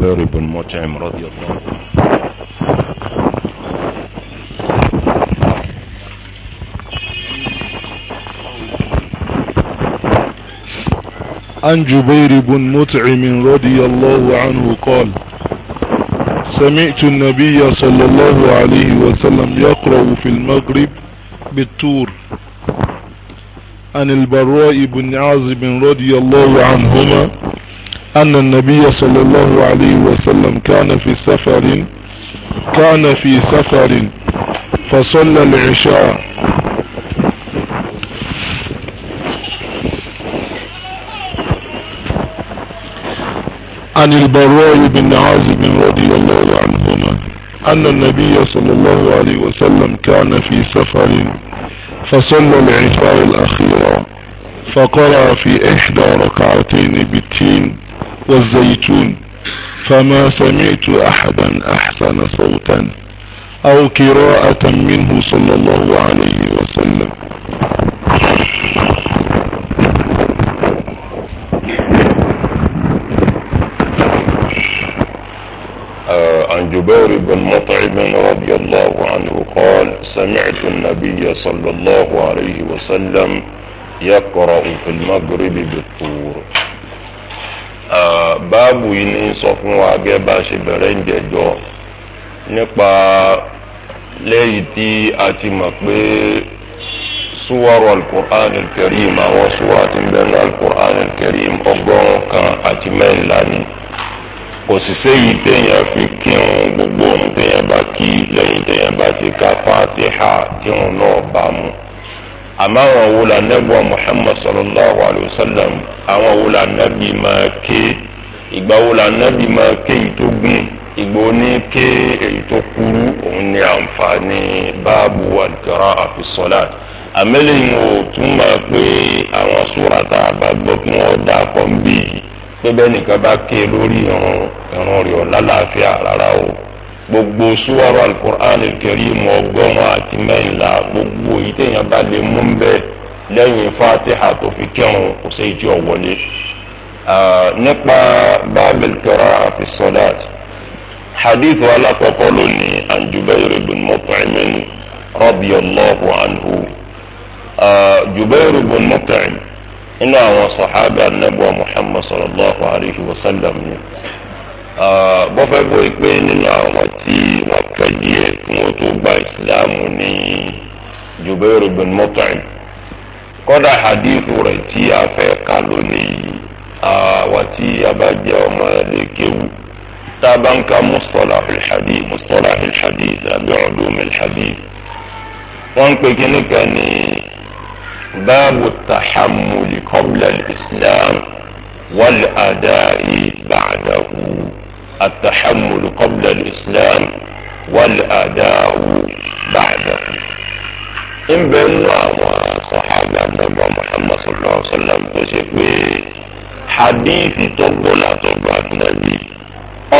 بن مطعم رضي الله عنه عن جبير بن مطعم رضي الله عنه قال سمعت النبي صلى الله عليه وسلم يقرأ في المغرب بالتور عن البراء بن عازب رضي الله عنهما أن النبي صلى الله عليه وسلم كان في سفر كان في سفر فصلى العشاء عن البراء بن عازب رضي الله عنهما أن النبي صلى الله عليه وسلم كان في سفر فصلى العشاء الأخيرة فقرأ في إحدى ركعتين بالتين والزيتون فما سمعت احدا احسن صوتا او قراءة منه صلى الله عليه وسلم آه، عن جبار بن مطعم رضي الله عنه قال سمعت النبي صلى الله عليه وسلم يقرأ في المغرب بالطور báàbù yìí ní sọ fún wa gẹ́gẹ́ bá ṣe bẹ̀rẹ̀ ìjẹ́jọ́ nípa lẹ́yìn tí a ti mọ̀ pé súwárọ̀ alukur'an alkarim àwọn súwárọ̀ ti ń bẹ̀rẹ̀ alukur'an alkarim ọgọ́rùn kan àti mẹ́rìnlá ni kò sì séyìí téèyàn fi kírun gbogbo ohun téèyàn bá kí lẹ́yìn téèyàn bá ti ka fatiha kírun náà bá mu àmọ́ àwọn òwúlà nẹ́bùwà Muhammad sallallahu alayhi wa sallam àwọn òwúlà nẹ́bì máa ké ìgbà òwúlà nẹ́bì máa ké èyí tó gùn ìgbà oní ké èyí tó kúrú òun ni àǹfààní báàbù al-qira'ah fi salat àmẹ́lẹ́yìn ò tún máa pé àwọn súra tá a bá gbọ́ kí wọ́n dá pọ̀ pé bẹ́ẹ̀ nìkan bá ké lórí ìrun ìrun rẹ̀ ọ̀ lálàáfíà rárá o gbogbo súwọ́rọ̀ alukur'an kẹrìm ọgọ́rùn àti mẹ́ńlá gbogbo yìí téèyàn bá lè mú bẹ́ẹ̀ lẹ́yìn fatiha tó fi kẹrùn kò sẹ́yìn tí ò wọlé. nípa babel kẹrọ àfi sọdát hadith alákọ̀ọ́kọ́ lónìí an Jubayr ibn Mut'im radiyallahu anhu Jubayr ibn Mut'im inú àwọn sọ̀hábà nàbọ̀ Muhammad sallallahu alayhi wa sallam ni bọ́ fẹ́ bọ́ pé nínú àwọn tí wọ́n pẹ́ díẹ̀ kí wọ́n tó gba ìsìláàmù ní Jubair bin Mut'im kọ́dà hadithu rẹ̀ tí a fẹ́ kà lónìí àwa tí a bá jẹ́ ọmọ ẹ̀lẹ́ kéwù tá a bá ń ka mustalahul hadith mustalahul hadith àbí ulumul hadith wọ́n ń pè kíní kan ní báàbù tahammuli qabla islam wal adai ba'dahu. التحمل قبل الإسلام والأداء بعده ń bẹ nínú àwọn sọ̀hábà àgbàgbà Muhammad sallallahu alaihi wa sallam tó ṣe pé hadithi tó gbọ́nà tó gba àtúnábì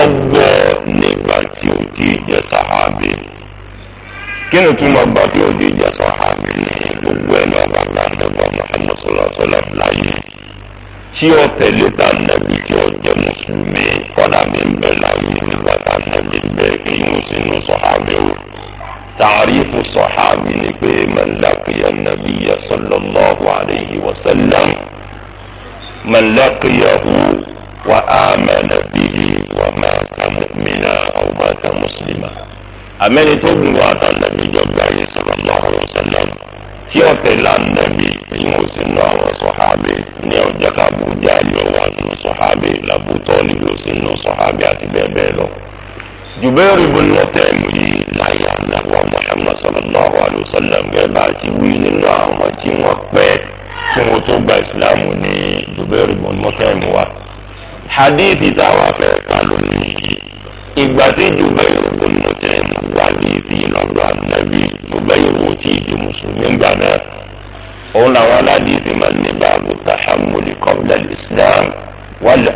ọgbọ́ nígbà tí ó ti jẹ́ sàhábì kí ni túmọ̀ gbà tí ó ti jẹ́ sàhábì ní gbogbo ẹ̀ lọ́wọ́ àgbàgbà Muhammad sallallahu alaihi wa sallam láyé tí ó tẹ̀lé ta nàbí tí ó jẹ́ mùsùlùmí kọ́dà bí ń bẹ láàyè nígbà tá nàbí bẹ́ kí n sínú sọ̀hábí o. تعريف الصحابي من لقي النبي صلى الله عليه وسلم من لقيه وآمن به ومات مؤمنا أو مات مسلما أمن تبني وعد النبي صلى الله عليه وسلم tí ó tẹ̀lé ànàbì wọn ò sí nú àwọn sọ̀hábì ní ọjọ́ ká Abu Jahli ò wà nù sọ̀hábì l'Abu Talib ò sí nù sọ̀hábì àti bẹ́ẹ̀ bẹ́ẹ̀ lọ. Jubair ibn Mut'im yìí láyé ànáwó Muhammad sallallahu alayhi wa sallam gẹ́gẹ́ bá ti wí nínú àwọn tí wọ́n pẹ́ tí wọ́n tó gba ìsìlámù ní Jubair ibn wa. Hadith táwa fẹ́ ìgbà tí Jubair ibn Mut'im wà ní ìdí lọ́dọ̀ ànábì Jubair wò tí ìdí mùsùlùmí gbà náà. òun làwọn aládìsí máa ní tàhámúlì islam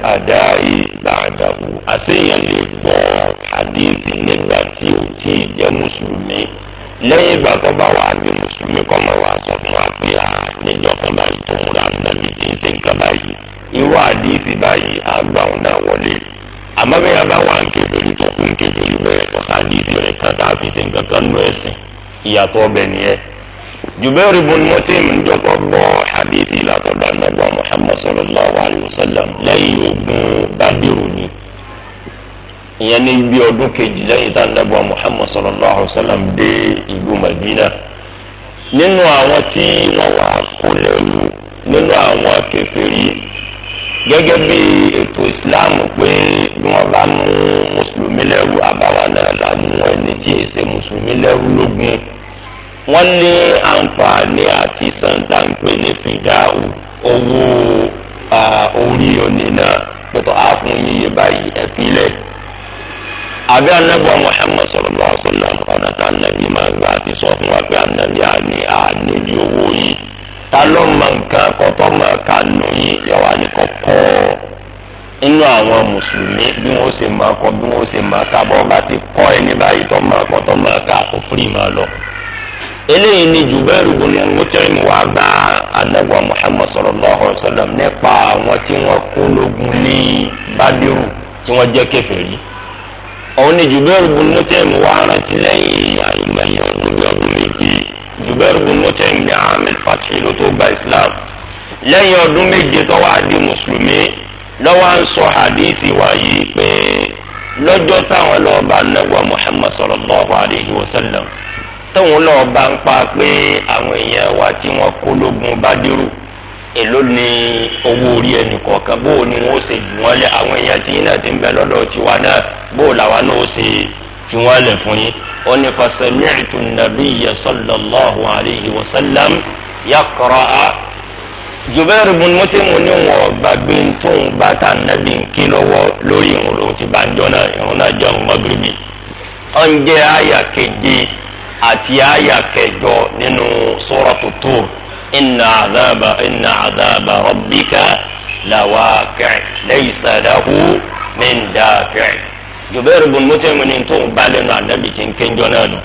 àdáyé àṣeyàn lè gbọ́ nígbà tí jẹ́ mùsùlùmí lẹ́yìn ìgbà tó bá wà mùsùlùmí máa wà sọ fún wa pé à níjọ kan báyìí tó ń nàbí tí ń ṣe nǹkan báyìí irú àdìsí báyìí àgbà òun náà wọlé àmọ́ bí yàrá wà ń kékeré tó kún kékeré bẹ́ẹ̀ kọ́sá rẹ̀ kan tá a fi ṣe nǹkan kan nù ẹ̀sìn ìyàtọ̀ ọbẹ̀ jubairu bin mutim ń jọkọ gbọ hadithi látọ̀dọ̀ anagba muhammad sallallahu alayhi wa sallam lẹ́yìn ogun badiru ni ìyẹn ní bí ọdún kejì lẹ́yìn tá anagba muhammad sallallahu alayhi wa sallam dé ìlú madina nínú àwọn tí wọn wà kúlẹ̀lú nínú àwọn akẹfẹ́rí gẹ́gẹ́ bí ètò ìsìláàmù pé bí wọ́n bá mú mùsùlùmí lẹ́rú àbáwá náà láàmú ẹni tí èsè mùsùlùmí lẹ́rú lógún wọ́n ní àǹfààní àti sàǹtàǹpé ní fìdáhù owó orí onínà pẹ̀tọ́ àfún yíyẹ báyìí ẹ̀fílẹ̀. àbí anábọ̀ Muhammad sallallahu alaihi wasallam ọ̀nà tá ànábì máa gbà àti sọ fún wa pé ànábì àní àníbi owó yìí ta ló mọ nǹkan kọ́tọ́ mọ̀ ká nù yín yọ̀wá ní kọ́kọ́ inú àwọn mùsùlùmí bí wọ́n ṣe máa kọ́ bí wọ́n ṣe máa ká bọ́ bá ti kọ́ ẹni báyìí tó máa kọ́ tó máa ká kó fúrì máa lọ eléyìí ni jubairu bin mut'im wá gba anagba muhammad sallallahu alaihi wa sallam nípa àwọn tí wọ́n kó lógun ní badiru tí wọ́n jẹ́ kèfèrí òun ni jubairu bin mut'im wá rántí lẹ́yìn àìmọye ọdún ọdún méjì jubairu bin mut'im ní amil fatih ló tó gba islam lẹ́yìn ọdún méje tó wá mùsùlùmí lọ́wọ́ à ń sọ hadithi wáyé pé lọ́jọ́ táwọn lọ́ọ́ bá anagba muhammad sallallahu alaihi wa sallam. tóun náà bá ń pa pé àwọn èèyàn wa tí wọ́n kó lógun bá dérò èló ni owó orí ẹnì kọ̀ọ̀kan bó ni wọ́n ṣe jù àwọn èèyàn tí yín ti ń bẹ lọ́dọ̀ tiwa náà bó náà ṣe fi sallallahu alayhi wa sallam yaqra'a Jubair ibn Mut'im ní wọn gbàgbé tóun bá ta nàbí nkí lọ́wọ́ lórí ìrùn ti bá ń jọ náà àti àyà kẹjọ nínú suratu Tur inna àdábà inna àdábà rabbika lawaqi' laysa lahu min dafi' Jubair bin Mut'im ní tó ń bá lẹ́nu ànábì kí n kéjọ náà nù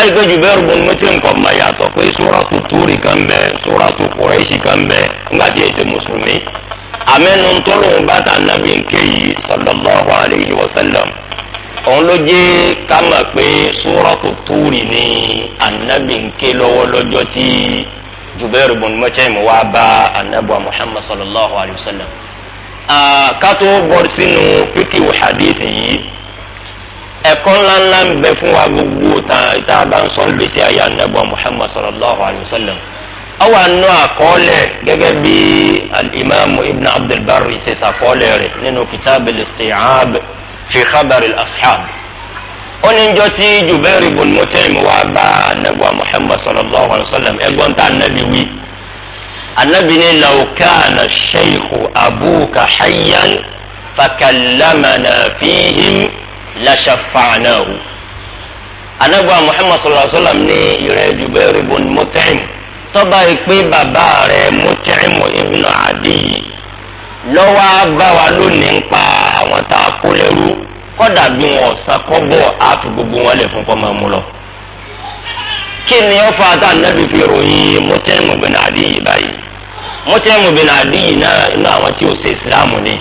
ẹgbẹ́ Jubair bin Mut'im kọ́ ma yàtọ̀ pé suratu Turi kan bẹ́ẹ̀ suratu Quraishi kan bẹ́ẹ̀ ńgbà tí èsì mùsùlùmí àmẹ́nu tó lóun bá ta òun ló jẹ́ ká mọ̀ pé Suratu Turi ni anabi ń ké lọ́wọ́ lọ́jọ́ tí Jubair bin Mut'im wá bá anabi Muhammad sallallahu alayhi wa sallam. ká tó bọ́ sínú píkìwò hadith yìí ẹ̀kọ́ ńláńlá ń bẹ fún wa gbogbo tá a bá ń sọ lùsí ayé anabi Muhammad sallallahu alayhi wa sallam. awa nù àkọọ́lẹ̀ gẹ́gẹ́ bí al ibn abdulbari ṣe ṣàkọọ́lẹ̀ rẹ̀ nínú kitab al fi khabari ashab ó ní njọ́ tí Jubair ibn Mut'im wá bá anabiwa Muhammad sallallahu alayhi wa sallam ẹ̀gbọ́n tá anabi wí anabi ní law kana shaykhu abuka hayyan fakallamana fihim lashafa'nahu anabiwa Muhammad sallallahu alayhi wa sallam ní ìrẹ Jubair ibn Mut'im tọ́ba ìpín bàbá rẹ̀ Mut'im ibn Adi lọ́wọ́ á bá wa lónìí ń pa àwọn tá a kó lẹ́rú kọ́dà bí wọn ọ̀sán kọ́gbọ́ á fi gbogbo wọn lè fún kọ́mọ mú lọ. kí ni ó fa tá nàbí fi ròyìn mọ́tẹ́mù bin àdìyí báyìí mọ́tẹ́mù bin àdìyí náà inú àwọn tí ó ṣe ìsìláàmù ni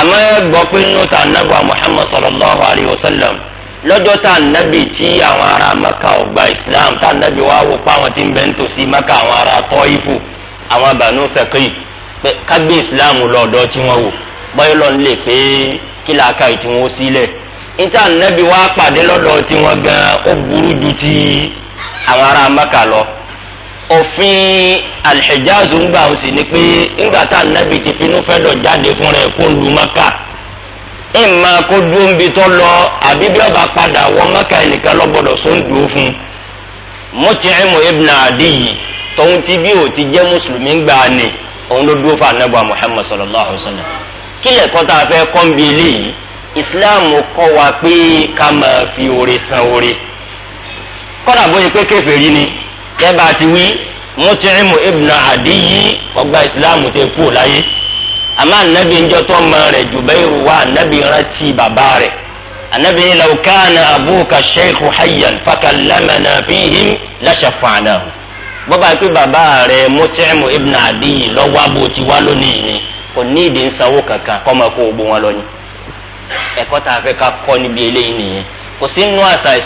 àmọ́ gbọ́ pé inú ta nàbí wa Muhammad sallallahu alayhi wa sallam lọ́jọ́ tá nàbí tí àwọn ará maka ò gba ìsìláàmù tá nàbí wa wò pa àwọn tí ń bẹ ń tòsí maka àwọn ará tọ́ ìfù àwọn bànú fẹ́kìrì pé kágbé islam lọ́dọ̀ tí wọ́n wò báyọ̀ lọ́n lè pé kí làákà yìí tí wọ́n sílẹ̀ níta nẹ́bí wá pàdé tí gan ó burú ju ti àwọn ará maka lọ òfin alhijazu ńgbà ń sì nipe pé ńgbà tá ti finú jáde fún kó lu maka ìmọ̀ kó ń lọ ọba padà wọ maka ẹnìkan fún jẹ́ mùsùlùmí òun ló dúró fún anábọ̀ muhammad sallallahu alayhi wa sallam kí lẹ́kọ́ tá a fẹ́ kọ́ ń bi eléyìí islam kọ́ wa pé ká máa fi oore san oore kọ́dà bóyá pé kèfèrí ni kẹ́bà ti wí mutimu ibn adiyi ọgbà islam tẹ kú láyé àmọ́ anabi njọ́ tó mọ rẹ̀ jùbẹ́rù wa anabi rántí bàbá rẹ̀ anabi ni law kana abuka sheikh hayyan fakalamana fihim lashafanahu. bọ́bá pé bàbá rẹ̀ mọ́tẹ́mù ibn abiy lọ́wọ́ abó ti wá lónìí ni kò ní ìdí ń kankan kọ́ máa kó wọn lọ ni ẹ̀kọ́ tá a fẹ́ ká kọ́ níbi eléyìí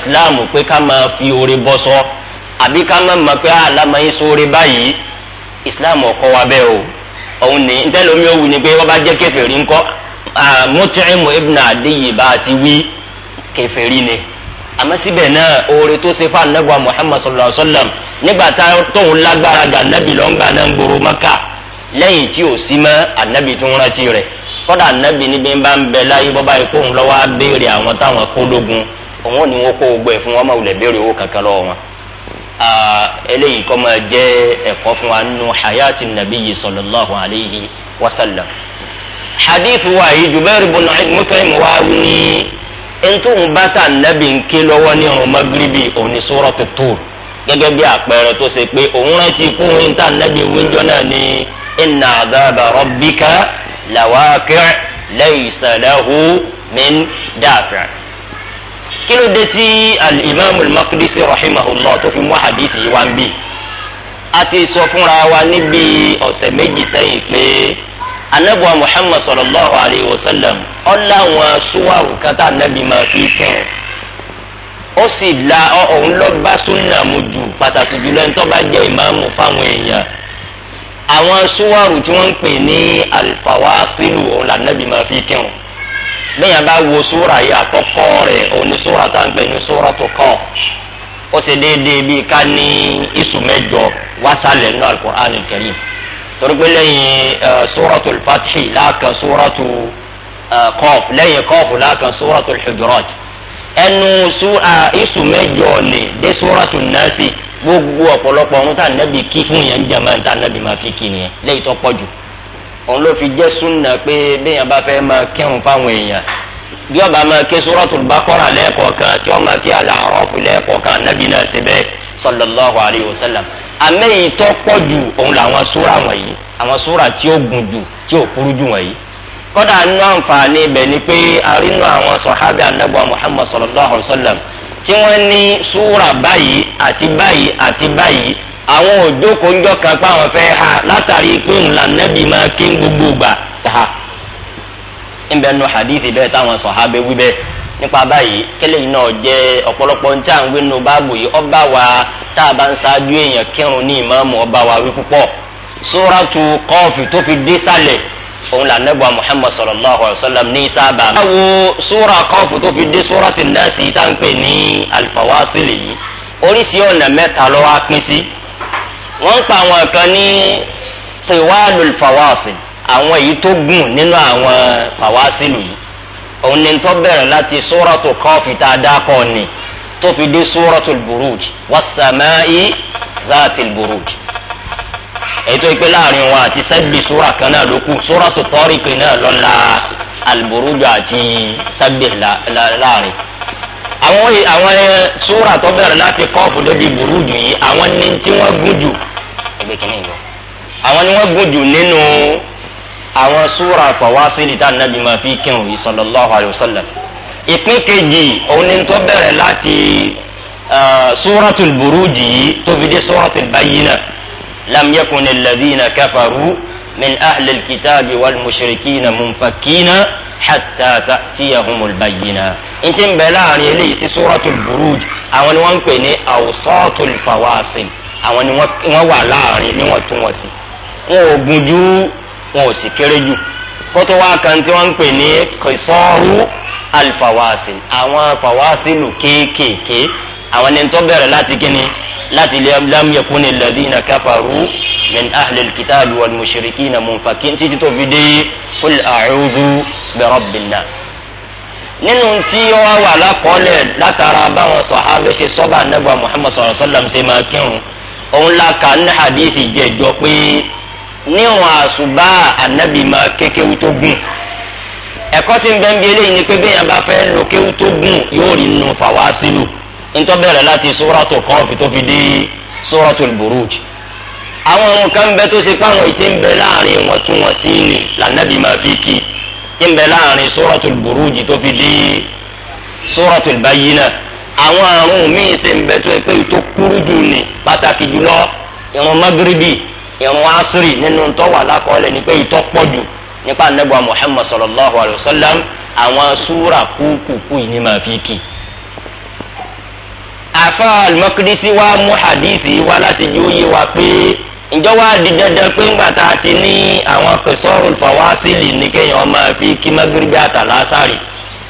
islam pé ká máa fi oore bọ́ sọ àbí ká máa mọ̀ pé yín ah, báyìí islam ọkọ wa o òun ntẹ́lómi ni pé wọ́n bá jẹ́ ńkọ́ ah, mọ́tẹ́mù ibn bá àmọ́ síbẹ̀ náà oore tó ṣe fún anagba muhammad sallallahu alayhi wa sallam nígbà tóun lágbára gba anabi lọ́ngbà náà ń gbòòrò maka lẹ́yìn tí ò sí mọ́ anabi tó ń rántí rẹ̀ kọ́dà anabi níbi ń bá ń bẹ láyé bọ́bá yìí kóun lọ́wọ́ á béèrè àwọn táwọn kó lógun òun ni wọn kó gbogbo ẹ̀ fún wọn máa wulẹ̀ béèrè owó kankan lọ́wọ́ wọn. eléyìí kọ́ máa jẹ́ ẹ̀kọ́ fún wa nínú hayati nabiyyi sallallahu alayhi wa sallam. hadith wa yìí jubair bin mut'im wa ni ntòun bá tà nàbì ń ké lọ́wọ́ ní ọ̀run magrebi òun ní sóràtù Tur gẹ́gẹ́ bí àpẹẹrẹ tó ṣe pé òun rántí kú ń tà nàbì wíńjọ́ náà ní inna adaba rabbika lawaqi' laysa lahu min dafi'. kí ló dé tí al-imamul Maqdisi tó fi mú hadith wá ń bì a ti sọ fúnra wa níbi ọ̀sẹ̀ méjì sẹ́yìn pé anabi wa muhammad sallallahu alayhi wa sallam ọlá wọn suwaru kata anabi máa fi kàn ó sì la òun lọ bá súnà mu jù pàtàkì jùlọ nítorí bá jẹ ìmáàmù fáwọn èèyàn àwọn suwaru tí wọn ń pè ní alifawasilu òun la anabi máa fi kàn bẹ́ẹ̀ yẹn bá wo sóra yìí àkọ́kọ́ rẹ̀ òun ni sóra tá ń pè ní sóra tó kọ́ ó sì déédéé bíi ká ní ìsù mẹ́jọ wásálẹ̀ nínú alukur'an kẹrin torípé lẹ́yìn sóràtò fatihi láàkan sóràtò kọ́ọ̀f lẹ́yìn kọ́ọ̀f láàkan sóràtò hujurọ́t ẹnu isu mẹ́jọ ni dé sóràtò nẹ́ẹ̀sì gbogbo ọ̀pọ̀lọpọ̀ ọ̀run tá nẹ́bi kí fún yẹn ń jẹ̀mọ́ tá nẹ́bi máa fi kí nìyẹn lẹ́yìn tó pọ̀jù òun ló fi jẹ́ súnà pé béèyàn bá fẹ́ máa kírun fáwọn èèyàn bí ọba máa ké sóràtò bákọ́rà lẹ́ẹ̀kọ̀ọ̀kan tí sallallahu alayhi wa sallam amẹ́yìí tó pọ̀ jù òun làwọn súra wọ̀nyí àwọn súra tí ó gùn jù tí ó kúrú jù wọ̀nyí kọ́dà nínú àǹfààní ibẹ̀ ni pé arínú àwọn sọ̀hábì anábọ̀ muhammad sallallahu alayhi wa sallam tí wọ́n ní súra báyìí àti báyìí àti báyìí àwọn òjókòójọ́ kan pa àwọn fẹ́ ha látàrí pé ńlá nẹ́bí máa kí gbogbo gbà ha ń bẹ́ẹ̀ nù hadith bẹ́ẹ̀ táwọn sọ̀hábì wí bẹ́ẹ̀ nípa báyìí kẹlẹ́ yìí náà jẹ́ ọ̀pọ̀lọpọ̀ ní tí à ń wí nù báàbò yìí ọba wa tá a bá ń ṣáájú èèyàn kírun ní ìmáàmù ọba wa wí púpọ̀ sóràtú kọ́ọ̀fù tó fi dé sálẹ̀ òun là nẹ́bù muhammad sallallahu alayhi wa sallam ní sábà. báwo sóra kọ́ọ̀fù tó fi dé sóràtú nẹ́ẹ̀sì tá ń pè ní alifawasili yìí oríṣi ọ̀nà mẹ́ta ló wá pín sí wọ́n pa àwọn kan ní tiwaalul fawasil àwọn èyí tó gùn nínú àwọn fawasilu yìí òun ni tó bẹ̀rẹ̀ láti sóràtò kọ́ọ̀fì tá a dákọ̀ ni tó fi dé sóràtò buruj wasamai zaatil buruj ètò ìpè láàrin wa àti sábì sóra kan náà ló kù sóràtò tọ́ríkì náà lọ́la alburuj àti sábì láàrin àwọn àwọn sóra tó bẹ̀rẹ̀ láti kọ́ọ̀fù débi burújù yìí àwọn ni tí wọ́n gùn jù àwọn ni wọ́n gùn jù nínú àwọn súra fọwásílì tá nàbí máa fi kírun yìí sọlọ́láhu alayhi wa sallam ìpín kejì òun ni tó bẹ̀rẹ̀ láti súratul burújì yìí tó fi dé súratul bayyina lam yakun alladhina kafaru min ahli alkitabi wal mushrikina munfakina hatta ta'tiyahumul bayyina. n ti bẹ láàrin eléyìí sí súratul burúj àwọn ni wọ́n ń pè ní awsatul fawasil àwọn ni wọ́n wà láàrin ni wọ́n tún wọ́n sí. wọn ò gùn wọn ò sì kéré jù kótó wá kan tí wọ́n ń pè ní kìsọ́ọ̀rù alfawasil àwọn fawasilu kéékèèké àwọn ẹni tó bẹ̀rẹ̀ láti kíni láti lam yakuni alladhina kafaru min ahlil kitabi wal mushrikina munfakin títí tó fi dé kul a'udhu bi rabbin nas nínú tí wọ́n wà lákọọ́lẹ̀ látara báwọn sọ̀hábẹ́ ṣe sọ́ba muhammad sallallahu alaihi wasallam ṣe máa la kà ní hadithi jẹ́jọ́ pé níwọn àṣùbà ànábì máa kékeré tó gùn ẹ̀kọ́ tí ń bẹ ń bí eléyìí ni pé bẹ́ẹ̀ bá fẹ́ lo kéwú tó gùn yóò rí nù fàwa sílù ntọ́ bẹ̀rẹ̀ láti sóràtò kọ́ọ̀fì tó fi dé sóràtò burúj àwọn ohun kan bẹ tó ṣe páwọn ètí ń bẹ láàrin wọn tún wọn sí ni lànàbì máa fi kí tí ń bẹ láàrin sóràtò burúj tó fi dé sóràtò bayina àwọn àrùn míì ṣe ń bẹ tó pé tó kúrú jù ní pàtàkì jùlọ ìrun magrebi irun asiri nínú tó wà lákọọ́lẹ̀ ni pé ìtọ́ pọ̀jù nípa anagba muhammad sallallahu alayhi wa sallam àwọn súra kúkúkú yìí ni màá fi kì. afa al-Maqdisi wa mú hadithi wa láti jóye wa pé ǹjọ́ wa di dandan pé ńgbà tá a ti ní àwọn kẹsọ́rù fàwásìlì ní kéèyàn máa fi kí magrebi àtàlásàrì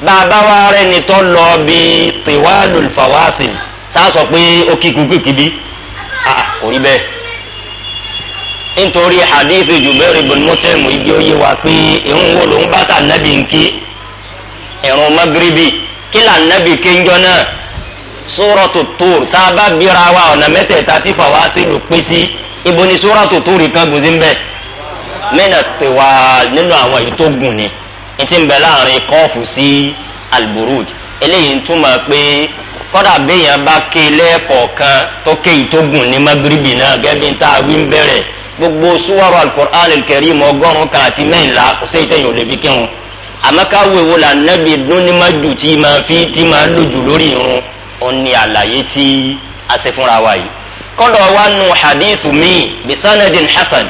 bàbá wa rẹ̀ ni tó lọ bí tiwálù fàwásìlì sá sọ pé ó kíkú kíkí bí kò rí bẹ́ẹ̀. nítorí hadithi Jubair ibn Mut'im ìdí oyé wa pé ìhun wo lòun bá ta nabi nkí ìrun magribi kí la nabi kéńjọ náà suratu Tur tá a bá bíra wa ọ̀nà mẹ́tẹ̀ẹ̀ta tí fàwa sí ló pín sí ibo ni suratu Tur kan gùn sí tiwa nínú àwọn èyí tó gùn ni etí ń bẹ láàrin kọ́ọ̀fù sí alburuj eléyìí ń túmọ̀ pé kọ́dà béèyàn bá gbogbo suwaru alukur'an alkarim ọgọ́rùn kan àti mẹ́ńlá kò sẹ́yìn tẹ̀yìn ò lè fi kírun àmọ́ ká wo èwo la nẹ́bi dúnnímájú tí máa fi tí máa lójú lórí irun òun ni àlàyé tí a ṣe fúnra wa yìí kọ́dọ̀ wa nu hadith mi bisanadin hasan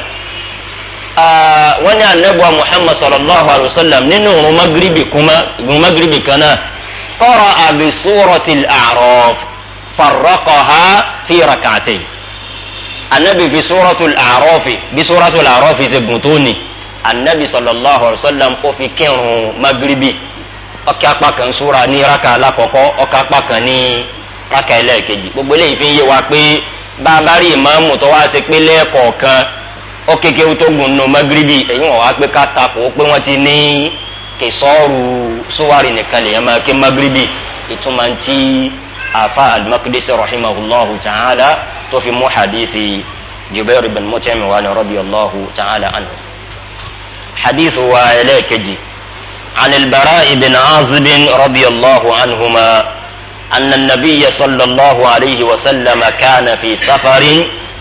wọ́n ní anabuwa muhammad sallallahu alayhi wa sallam nínú irun kuma irun magiribi kan náà kọ́ra àbí fi rak'atayn anabi fi suratul a'rafi bí suratul a'rafi ṣe gùn tó ni anabi sallallahu alayhi wa sallam ó fi kírun magiribi ọkẹ apá kan sura ní raka alakọkọ ọkẹ apá kan ní raka ẹlẹ́ẹ̀kejì gbogbo eléyìí fi ń yé wa pé bàbá rí ìmáàmù tó wá ṣe pé lẹ́ẹ̀kọ̀ọ̀kan ó kékeré tó gùn nù magiribi èyí wọn wá pé ká takò ó pé wọn ti ní kìsọ́ọ̀rù sówárì nìkan lèyàn máa ké magiribi ìtumọ̀ ntí. afa المقدس رحمه الله تعالى وفي محاديث جبير بن متعم bin رضي الله تعالى عنه ta'ala anhu hadith عن البراء بن عازب رضي الله عنهما أن النبي صلى الله عليه وسلم كان في سفر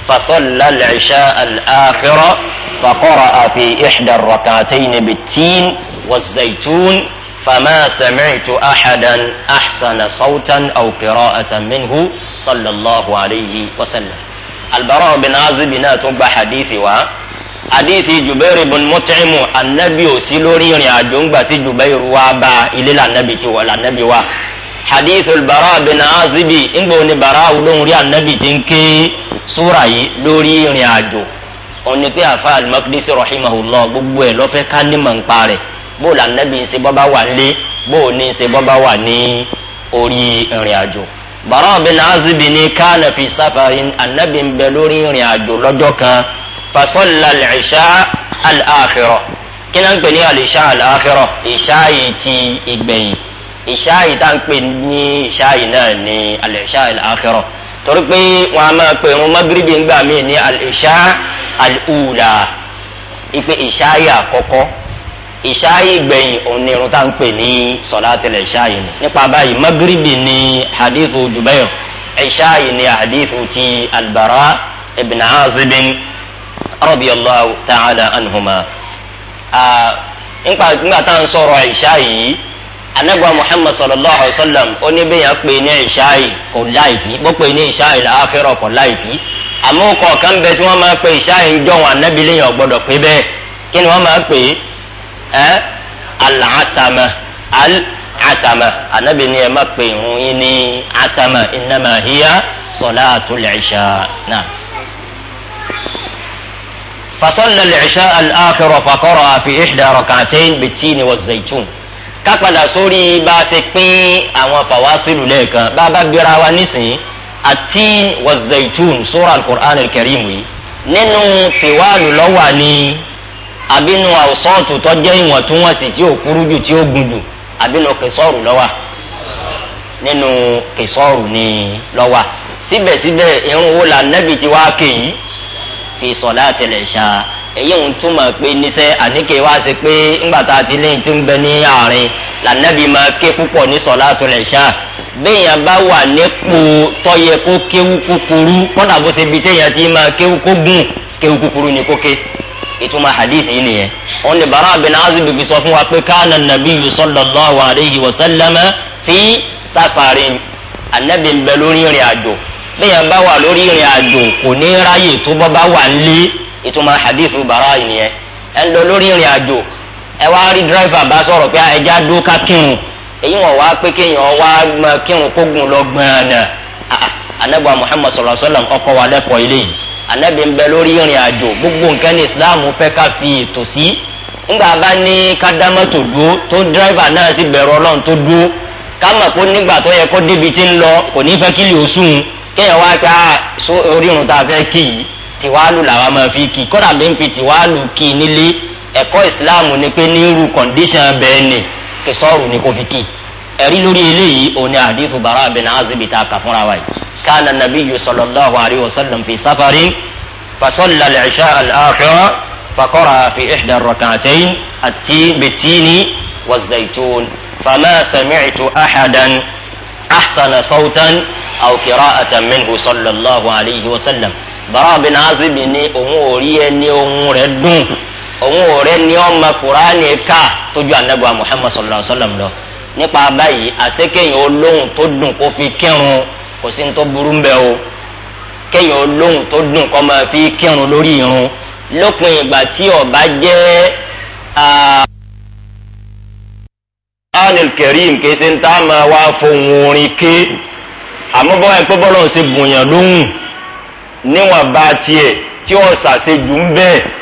فصلى العشاء الآخرة فقرأ في إحدى الركعتين بالتين والزيتون فما سمعت أحدا أحسن صوتا أو قراءة منه صلى الله عليه وسلم البراء بن عازب ناتب حديثي و حديث جبير بن مطعم النبي سيلوري رعجون باتي جبير وابا إلى النبي ولا النبي و حديث البراء بن عازب إن بون براء ودون ريا النبي تنكي سورة لوري رعجو ونكي أفعل مقدس رحمه الله بقوة لو فكان من قارئ bóòlù anabi ń se bọ́bá wà nílé bóòlù ń se bọ́bá wà ní orí ìrìn àjò bàrọ̀ bin azibi ni kánà fi sáfàrin anabi ń bẹ lórí ìrìn àjò lọ́jọ́ kan fasọ́lá lẹ́ṣà àlàáfẹ́rọ̀ kí náà ń pè ní àlẹ́ṣà àlàáfẹ́rọ̀ ìṣá yìí ti ìgbẹ̀yìn ìṣá yìí tá ń pè ní ìṣá náà ní àlẹ́ṣà àlàáfẹ́rọ̀ torí pé wọn a máa pè wọn mọ́gíríbì ńgbà míì ní àlẹ́ṣà àlùúlà ìpè ìṣá àkọ́kọ́ ìṣááyì gbẹ̀yìn òun ni irun tá à ń pè ní sọ̀látẹ̀lẹ̀ ìṣááyì ni nípa báyìí magribi ni hadithu jubair ìṣááyì ni hadithu ti albara ibn azibin radiyallahu ta'ala anhuma. nípa nígbà tá à ń sọ̀rọ̀ ìṣááyì anagba muhammad sallallahu alayhi wa sallam oníbẹ̀yàn pè ní ìṣááyì kò láìpí bó pè ní ìṣááyì láàfẹ́rọ̀ kò láìpí àmọ́ kọ̀ọ̀kan bẹ tí wọ́n máa pè ìṣááyì ń jọ̀wọ́n anábìlẹ̀yìn ọ̀gbọ́dọ̀ pé bẹ́ẹ̀ kí ni wọ́n máa pè é ẹ́ alàtàmà alàtàmà anabi ni ẹ má pè ń yín ní àtàmà innama hiya salatul isha náà. فصلى العشاء الآخر فقرأ في إحدى ركعتين بالتين والزيتون kápadà sórí bá a ṣe pín àwọn fàwásìlù lẹ́ẹ̀kan bá a bá gbéra wa nísìnyí atin wa zaitun sóra alukur'an alkarim yìí nínú tiwaanu lọ́wọ́ ni Abinu àwòsọ́ọ̀tù tó jẹ́ ìwọ̀ntúnwọ̀nsì tí ò kúrú jù tí ó gùn jù àbínú kẹsọ́ọ̀rù lọ́wà nínú ni lọ́wà síbẹ̀síbẹ̀ irun wo la nẹ́bi ti wá kéyìí fi sọ̀lá tẹ̀lẹ̀ ṣá èyí ń túmọ̀ pé níṣẹ́ àníkè wá sí pé ńgbà tá a ti léyìn tó ń bẹ ní àárín lànàbí máa ké púpọ̀ ní sọ̀lá tẹ̀lẹ̀ ṣá béèyàn bá wà nípò tọ́yẹ kó kéwú kúkúrú kọ́dà bó ṣe bi ti máa kéwú kó gùn kéwú kúkúrú ni kó ké ìtumọ̀ hadith yìí nìyẹn òun ni bara bin azib fi sọ fún wa pé káàna nabi sallallahu alayhi wa sallam fi safarin anabi ń bẹ lórí ìrìn àjò bẹ́ẹ̀ bá wà lórí ìrìn àjò kò ní ráyè tó bọ́ bá wà nílé ìtumọ̀ hadith bara yìí nìyẹn ẹ ń lọ lórí ìrìn àjò ẹ wá rí dírẹ́fà bá sọ̀rọ̀ pé ẹja dó ká kírun èyí wọn wá pé kéèyàn wá kírun kógun lọ gbọ̀n àná anabi muhammad sallallahu alayhi wa sallam ọkọ wa lẹ́kọ̀ọ́ ilé anabi ń bẹ lórí ìrìn àjò gbogbo nǹkan ní islam fẹ́ ká fi ètò sí ńgbà bá ní kádámọ́tò dúró tó dírẹ́fà náà sì bẹ̀rù ọlọ́run tó dúró ká mọ̀ pé nígbà tó yẹ kó débi tí ń lọ kò ní fẹ́ kí lè sùn kéèyàn wá pé orírun tá a fẹ́ kì í tìwálù làwa máa fi kì í kódà mi ń fi tìwálù kì nílé ẹ̀kọ́ islam ni pé ní irú kọ̀ǹdíṣàn bẹ́ẹ̀ ni kìsọ́ọ̀rù ni kò fi kì ẹ̀rí lórí eléyìí òní àdìfù bàrà bin azibi ta kà fúnra wa yìí kánà nàbí yìí sọlọ́láhu alayhi wa sallam fi sáfari fasọ́lá lẹ́ṣẹ́ àlàáfíà fakọ́ra fi ìḥdà rọ̀kàtẹ́yìn àti bìtíní wà zaitun fama sami'tu axadan axsana sawtan aw qira'atan minhu sallallahu alayhi wa bàrà bin azibi ni òun ò rí ẹni òun rẹ̀ dùn òun ò rẹ́ ni ọmọ kuraani ká tójú anagba muhammad sallallahu alayhi lọ nípa báyìí àṣekẹ́yìn olóhùn tó dùn kó fi kírun kò sí ní tó burú mbẹ́ o kẹ́yìn olóhùn tó dùn kó máa fi kírun lórí irun lópin ìgbà tí ọba jẹ́ anil kareem kì í ṣe ń tá a máa wá fohùn orin ké àmọ́ bọ́wọ́ ẹ pé bọ́lá ò ṣe bùnyàn lóhùn níwọ̀n bá tiẹ̀ tí wọ́n ṣàṣejù ń bẹ́ẹ̀.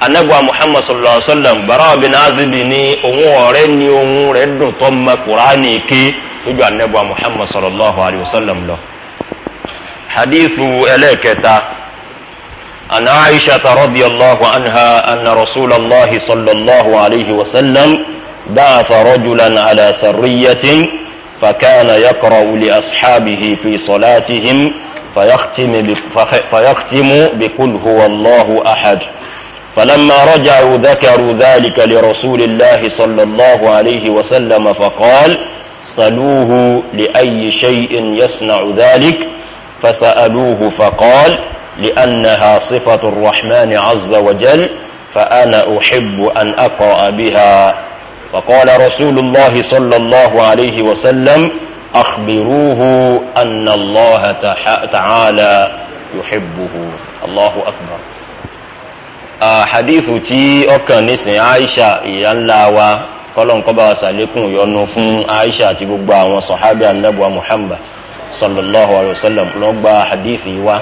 anagba muhammad sallallahu alaihi wa sallam bara bin azibi ni ohun ọ̀rẹ́ ni ohun rẹ̀ dùn tó ma kuraani ké lójú anagba muhammad sallallahu alaihi wa sallam lọ. hadithu ẹlẹ́kẹta ana aisha ta radiyallahu anha ana rasulallahi sallallahu alaihi wa sallam بعث رجلا على سرية فكان يقرأ لأصحابه في صلاتهم فيختم, فيختم بقل هو الله أحد فلما رجعوا ذكروا ذلك لرسول الله صلى الله عليه وسلم فقال سلوه لأي شيء يصنع ذلك فسألوه فقال لأنها صفة الرحمن عز وجل فأنا أحب أن أقرأ بها فقال رسول الله صلى الله عليه وسلم أخبروه أن الله تعالى يحبه الله أكبر hadithu tí ọkàn nísìnyí aisha ìyá ńlá wa kọlọ́nkọ́ba sàlékún yọnu fún aisha àti gbogbo àwọn sọ̀hábì anábùwà muhammad sallallahu alayhi wa sallam ló gba hadithi wa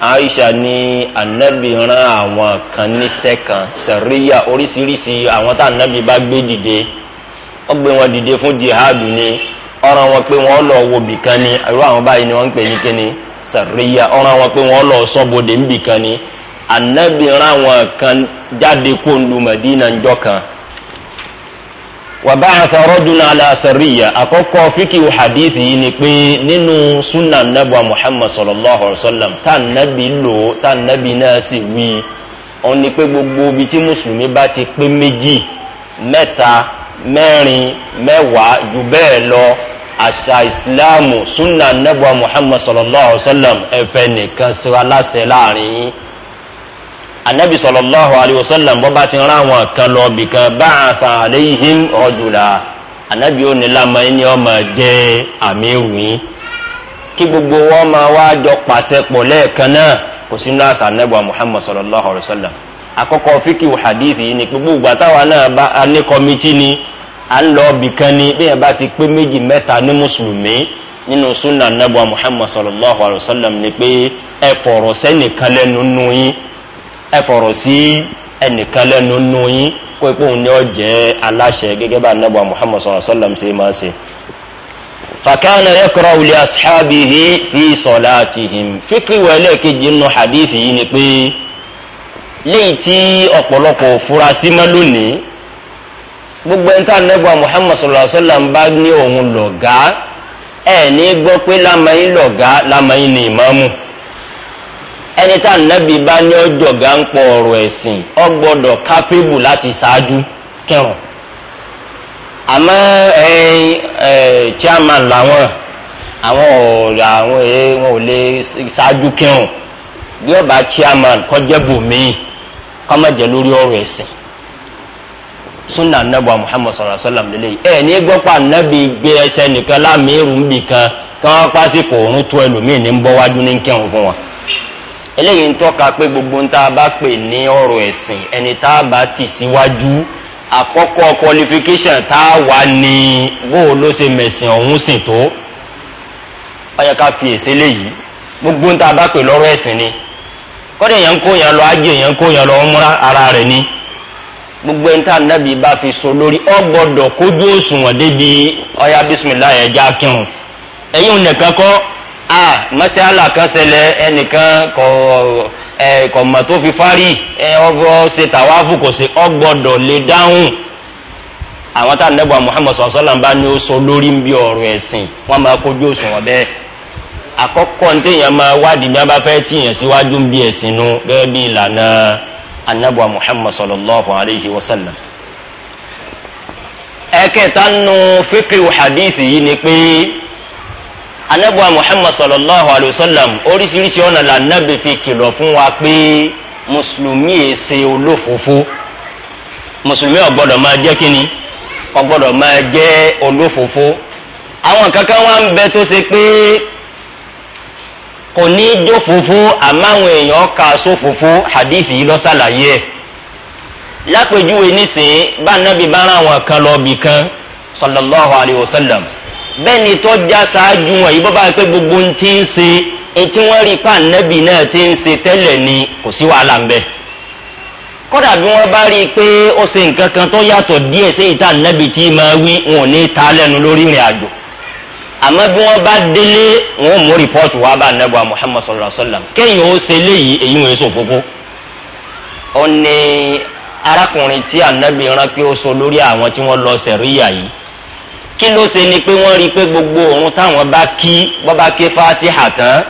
aisha ní anabi ran àwọn kan níṣẹ́ kan sẹ̀ríyà oríṣiríṣi àwọn tá anabi bá gbé dìde wọ́n gbé wọn dìde fún jihadu ni ọ̀ràn wọn pé wọ́n lọ wo bìkan ni irú àwọn báyìí ni wọ́n ń pè ní kíni sẹ̀ríyà ọ̀ràn wọn pé wọ́n lọ sọ́bodè ń bìkan ni. anabi ráwọn kan jáde kó ń lu madina njọ kan wàbá àtàrọ́dún aláṣàríyà àkọ́kọ́ fíkìwò hadithi yìí ni pé nínú sunna anabi muhammad sallallahu alayhi wa sallam tá anabi lò tá anabi náà sì wí òun ni pé gbogbo ibi tí mùsùlùmí bá ti pé méjì mẹ́ta mẹ́rin mẹ́wàá jù bẹ́ẹ̀ lọ àṣà ìsìláàmù sunna anabi muhammad sallallahu alayhi wa sallam ẹ̀fẹ̀ nìkan sí wa láàrin yìí anabi sallallahu alayhi wa sallam bó bá ti rán àwọn kan lọ bì kan ba'atha alayhim rajula anabi ó ní lamọ ẹni ọmọ jẹ amiru yín kí gbogbo wọn máa wá jọ pàṣẹ pọ̀ lẹ́ẹ̀kan náà kò sínú àṣà anabi wa muhammad sallallahu alayhi wa sallam àkọ́kọ́ fíkìwù hadithi yìí ni pé gbogbo àtàwọn náà bá a ní kọmitì ni à ń lọ bì kan ni bí yẹn bá ti pé méjì mẹ́ta ní mùsùlùmí nínú sunna anabi wa sallallahu alayhi wa sallam ni pé ẹ fọ̀rọ̀ sẹ́nìkan lẹ́nu nù yín ẹ fọ̀rọ̀ sí ẹnìkan lẹ́nu nù yín kó ipò òun ni ó jẹ́ aláṣẹ gẹ́gẹ́ bá anábà muhammad sallallahu alaihi wa sallam ṣe máa ṣe. فكان يقرأ لأصحابه في صلاتهم فكري ولك جنو حديث ni pé léyìí tí ọ̀pọ̀lọpọ̀ fura sí mọ́ lónìí gbogbo ẹ̀ńtà nẹ́gbà muhammad sallallahu alayhi bá ní òun lọ̀gá ẹ̀ ní gbọ́ pé lámàyín lọ̀gá lámàyín ni ìmáàmù. ẹni tá ànábì bá ní ọjọ́ gánpọ ọ̀rọ̀ ẹ̀sìn ó gbọ́dọ̀ láti ṣáájú ẹyin chairman làwọn àwọn ọ̀rọ̀ àwọn ẹ wọn ò lè ṣáájú kírun bí ọba chairman kọmọjẹ lórí sunna anabuwa sallallahu alaihi wa sallam lele ẹ ní anabi gbé ẹsẹ nìkan kí pàṣípò tó ní ń wájú ní kẹrùn fún eléyìí ń tọ́ka gbogbo ń tá a bá pè ní ọ̀rọ̀ ẹ̀sìn ẹni tá a bá tì síwájú àkọ́kọ́ qualification tá a wà ní o ló ṣe mẹ̀sìn ọ̀hún sìn tó ká fi gbogbo ń tá a bá ni kọ́dọ̀ èèyàn ń kó yẹn lọ ájì èèyàn ń kó yẹn lọ ọmúra ara rẹ̀ ni gbogbo ẹni tá a so lórí ọ gbọdọ̀ kójú òṣùwọ̀n débi ọyá ah mọ́sálà kan ṣẹlẹ̀ ẹnìkan kọ̀ ẹ̀ kọ̀mọ̀ tó fi fárí ẹ ọgbọ́ ṣe tàwáfù kò ṣe lè dáhùn àwọn tá à ń dẹ́gbà Muhammad ń bá ní ó sọ lórí ń bí wọ́n máa kójú òṣùwọ̀n bẹ́ẹ̀ àkọ́kọ́ ntẹ̀yàn máa wádìí bá síwájú ń bí nu bí ìlànà anabuwa wa sallam nù yìí anabuwa muhammad sallallahu alayhi wa sallam oríṣiríṣi ọ̀nà la nabi fi kìlọ̀ fún wa pé mùsùlùmí yìí ṣe olófòfó mùsùlùmí ò gbọ́dọ̀ máa jẹ́ kínní ò gbọ́dọ̀ máa jẹ́ olófòfó àwọn kankan wà ń bẹ tó ṣe pé kò ní í jófòfó àmọ́ àwọn èèyàn kà sófòfó hadithi yìí ló ṣàlàyé ẹ̀ lápèjúwe nísìnyí bá nabi bá ara àwọn kan lọ bì kan sallallahu alayhi wa sallam bẹ́ẹ̀ni tó já ṣáájú wọn yìí bọ́ bá pé gbogbo ń ti ń ṣe ní tí wọ́n rí pa nẹ́bì náà ti ń ṣe tẹ́lẹ̀ ni kò sí wàhálà ń bẹ. kódà bí wọ́n bá rí i pé ó ṣe nǹkan kan tó yàtọ̀ díẹ̀ sí ìta nẹ́bì tí máa wí wọn ò ní ta lẹ́nu lórí ìrìn àjò àmọ́ bí wọ́n bá délé wọn ò mú rìpọ́ọ̀tù wá bá nẹ́bù wa muhammad sallallahu alayhi wa sallam kéèyàn ó ṣe léyìí èyí wọn èso òfófó. ó ní arákùnrin tí ànábì rán pé ó so lórí àwọn tí wọ́n lọ sẹ̀ríyà yìí kí ló ṣe ni pé wọ́n rí pé gbogbo òun táwọn bá kí wọ́n bá ké fatiha tán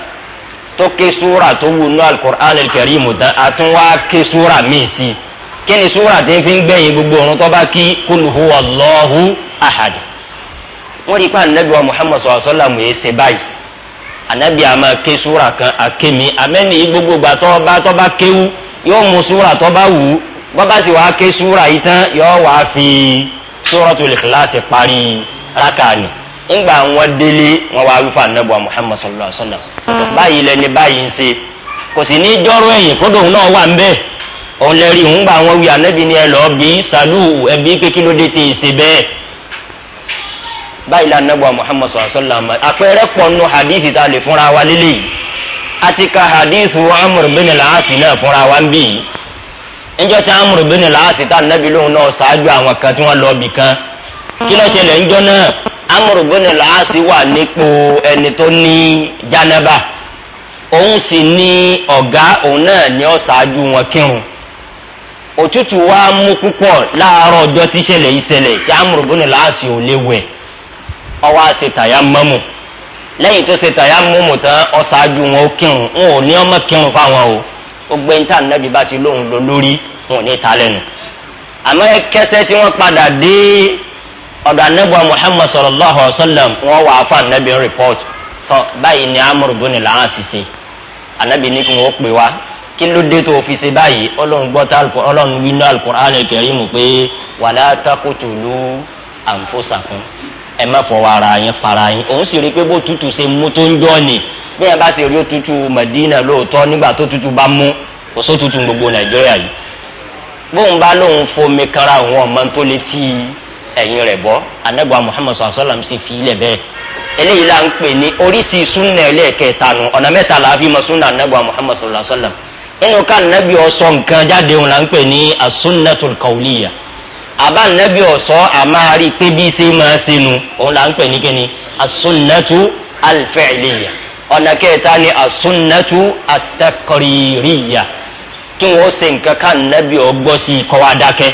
tó ké súra tó wù nú alukur'an alkarimu tán àtún wá ké súra míì sí i kí ni súra tí ń fi gbẹ̀yìn gbogbo òun tó bá kí kul huwa ahad wọ́n rí i pé anabi wa muhammad sallallahu ṣe gbogbo gbà tó bá tó bá kéwu yóò mú súra tó bá wù bọ́ bá sì suratul ikhlas parí raka ni ńgbà wọn délé wọn wá wífà nàbọ muhammad sallallahu alaihi wa sallam hmm. báyìí lẹni báyìí ń ṣe kò sì ní jọrọ ẹyìn kó dòun náà wà ń bẹ òun lè rí ńgbà wọn wí anabi ni ẹ lọ bí salu ẹbí pé kí ló dé tẹ ṣe bẹ́ẹ̀ báyìí la nàbọ sallallahu alaihi wa sallam àpẹẹrẹ pọnù hadith ta lè fúnra wa lélẹyìí àti ka hadith bin al-asi wa ń njọ tí amúrò bínú làásì tá nàbí lóhùn náà ṣáájú àwọn kan tí lọ bì kan kí ló ṣẹlẹ̀ níjọ́ náà amúrò bínú làásì wà nípò ẹni tó ní jánábà òun sì ní ọ̀gá òun náà ní ó wọn kírun òtútù wa mú púpọ̀ láàárọ̀ ọjọ́ tí ṣẹlẹ̀ yìí ṣẹlẹ̀ tí làásì ò tàyà mọ́mù tó ṣe tàyà mọ́mù tán wọn kírun gbogbo ní tàn nàbí bá ti lóhùn lò lórí wọn ò ní ta lẹ́nu àmọ́ kẹsẹ́ tí wọ́n padà dé ọ̀dọ̀ anábọ̀ muhammad sallallahu alaihi wa sallam wọ́n wà á fún anábì report tọ́ báyìí ni amúrúgbó ni làwọn sì ṣe anábì ní kí wọ́n pè wá kí ló dé tó fi ṣe báyìí ọlọ́run gbọ́ tá ọlọ́run wí náà alukur'an kẹrin mu pé wàlá takùtù lu àǹfọ̀sàkùn ẹ má fọwọ́ ara yín para yín òun sì rí i pé bó tutù ṣe mú tó ń jọ ni bí ẹ bá ṣe rí òtútù Mẹdínà lóòótọ́ nígbà tó tutù bá mú kò sótútù gbogbo Nàìjíríà yìí bóun bá lóun fomi kanra òun ọmọ tó lè tí ẹ̀yìn rẹ̀ bọ́ anagba Muhammad sallallahu alaihi wasallam sì fi ilẹ̀ bẹ́ẹ̀ eléyìí la ń pè ní oríṣi súnà ẹlẹ́ẹ̀kẹta nu ọ̀nà mẹ́ta la fi mọ súnà anagba Muhammad sallallahu alaihi wasallam nínú ká nàbí ọsọ nǹkan jáde òun la ń pè ní asúnàtul kàwlíyà àbá nẹ́bí ọ̀sọ́ àmáàrí pé bí ṣe máa ṣẹnu òun là ń pè ní kíni asúnnẹ́tù alfẹ́ẹ̀lìyà ọ̀nà kẹta ni asúnnẹ́tù àtẹkọrìríyà kí wọ́n ṣe nǹkan ká nẹ́bí ọgbọ́ sí kọ́ wa dákẹ́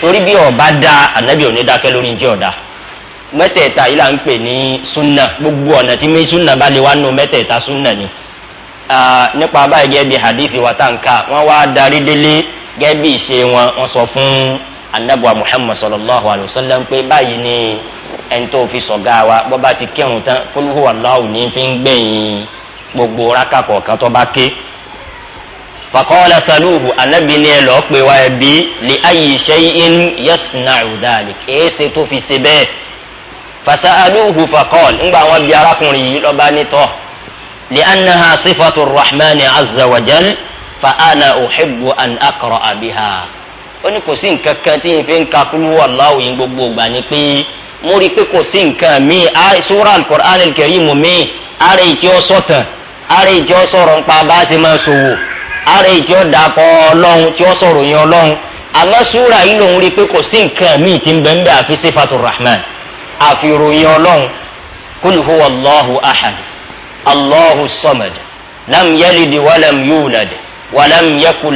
torí bí ọba da ànẹ́bí òní dákẹ́ lórí jẹ́ ọ̀dà mẹ́tẹ̀ẹ̀ta yìí là ń pè ní súnà gbogbo ọ̀nà tí mi súnà bá lè wá nù mẹ́tẹ̀ẹ̀ta súnà ni nípa báyìí gẹ́gẹ́ bí hadithi wa tá n ká wọ́n wá darí délé gẹ́gẹ́ bí ìṣe wọn wọ́n sọ fún anabuwa muhammad sallallahu alayhi wa sallam pé báyìí ni ẹni tó fi sọ̀gá wa bó bá ti kírun tán kólúhù aláwù ní fi ń gbẹ̀yìn gbogbo raka kọ̀ọ̀kan tó bá ké fakọ́lá saluhu anabi ni ẹ lọ́ọ́ pé wa ẹ bí lè ayi shay'in yasna'u dhalik èéṣe tó fi ṣe bẹ́ẹ̀ fasa aluhu fakọ́l ńgbà wọn bí arákùnrin yìí lọ́ba nítọ́ lè anaha sifatu rahman azza wa uhibbu an akra abiha ó ní kò sí nǹkan kan tí yín fi ń kakulu wàláwù yín gbogbo ìgbà ni pé mo rí i pé kò sí nǹkan mi sura al-Qur'an al-Karim mi ara ìtí ọ sọtàn ara ìtí ọ sọ̀rọ̀ nípa bá a ṣe máa ṣòwò ara ìtí ọ dàpọ Ọlọ́run tí ọ sọ̀rọ̀ yẹn Ọlọ́run àmọ́ yìí lòun rí i pé kò sí nǹkan mi ti ń bẹ ń bẹ àfi sifatu rahman àfi ròyìn Ọlọ́run kul huwa ahad Allahu samad lam yalid walam yulad walam yakul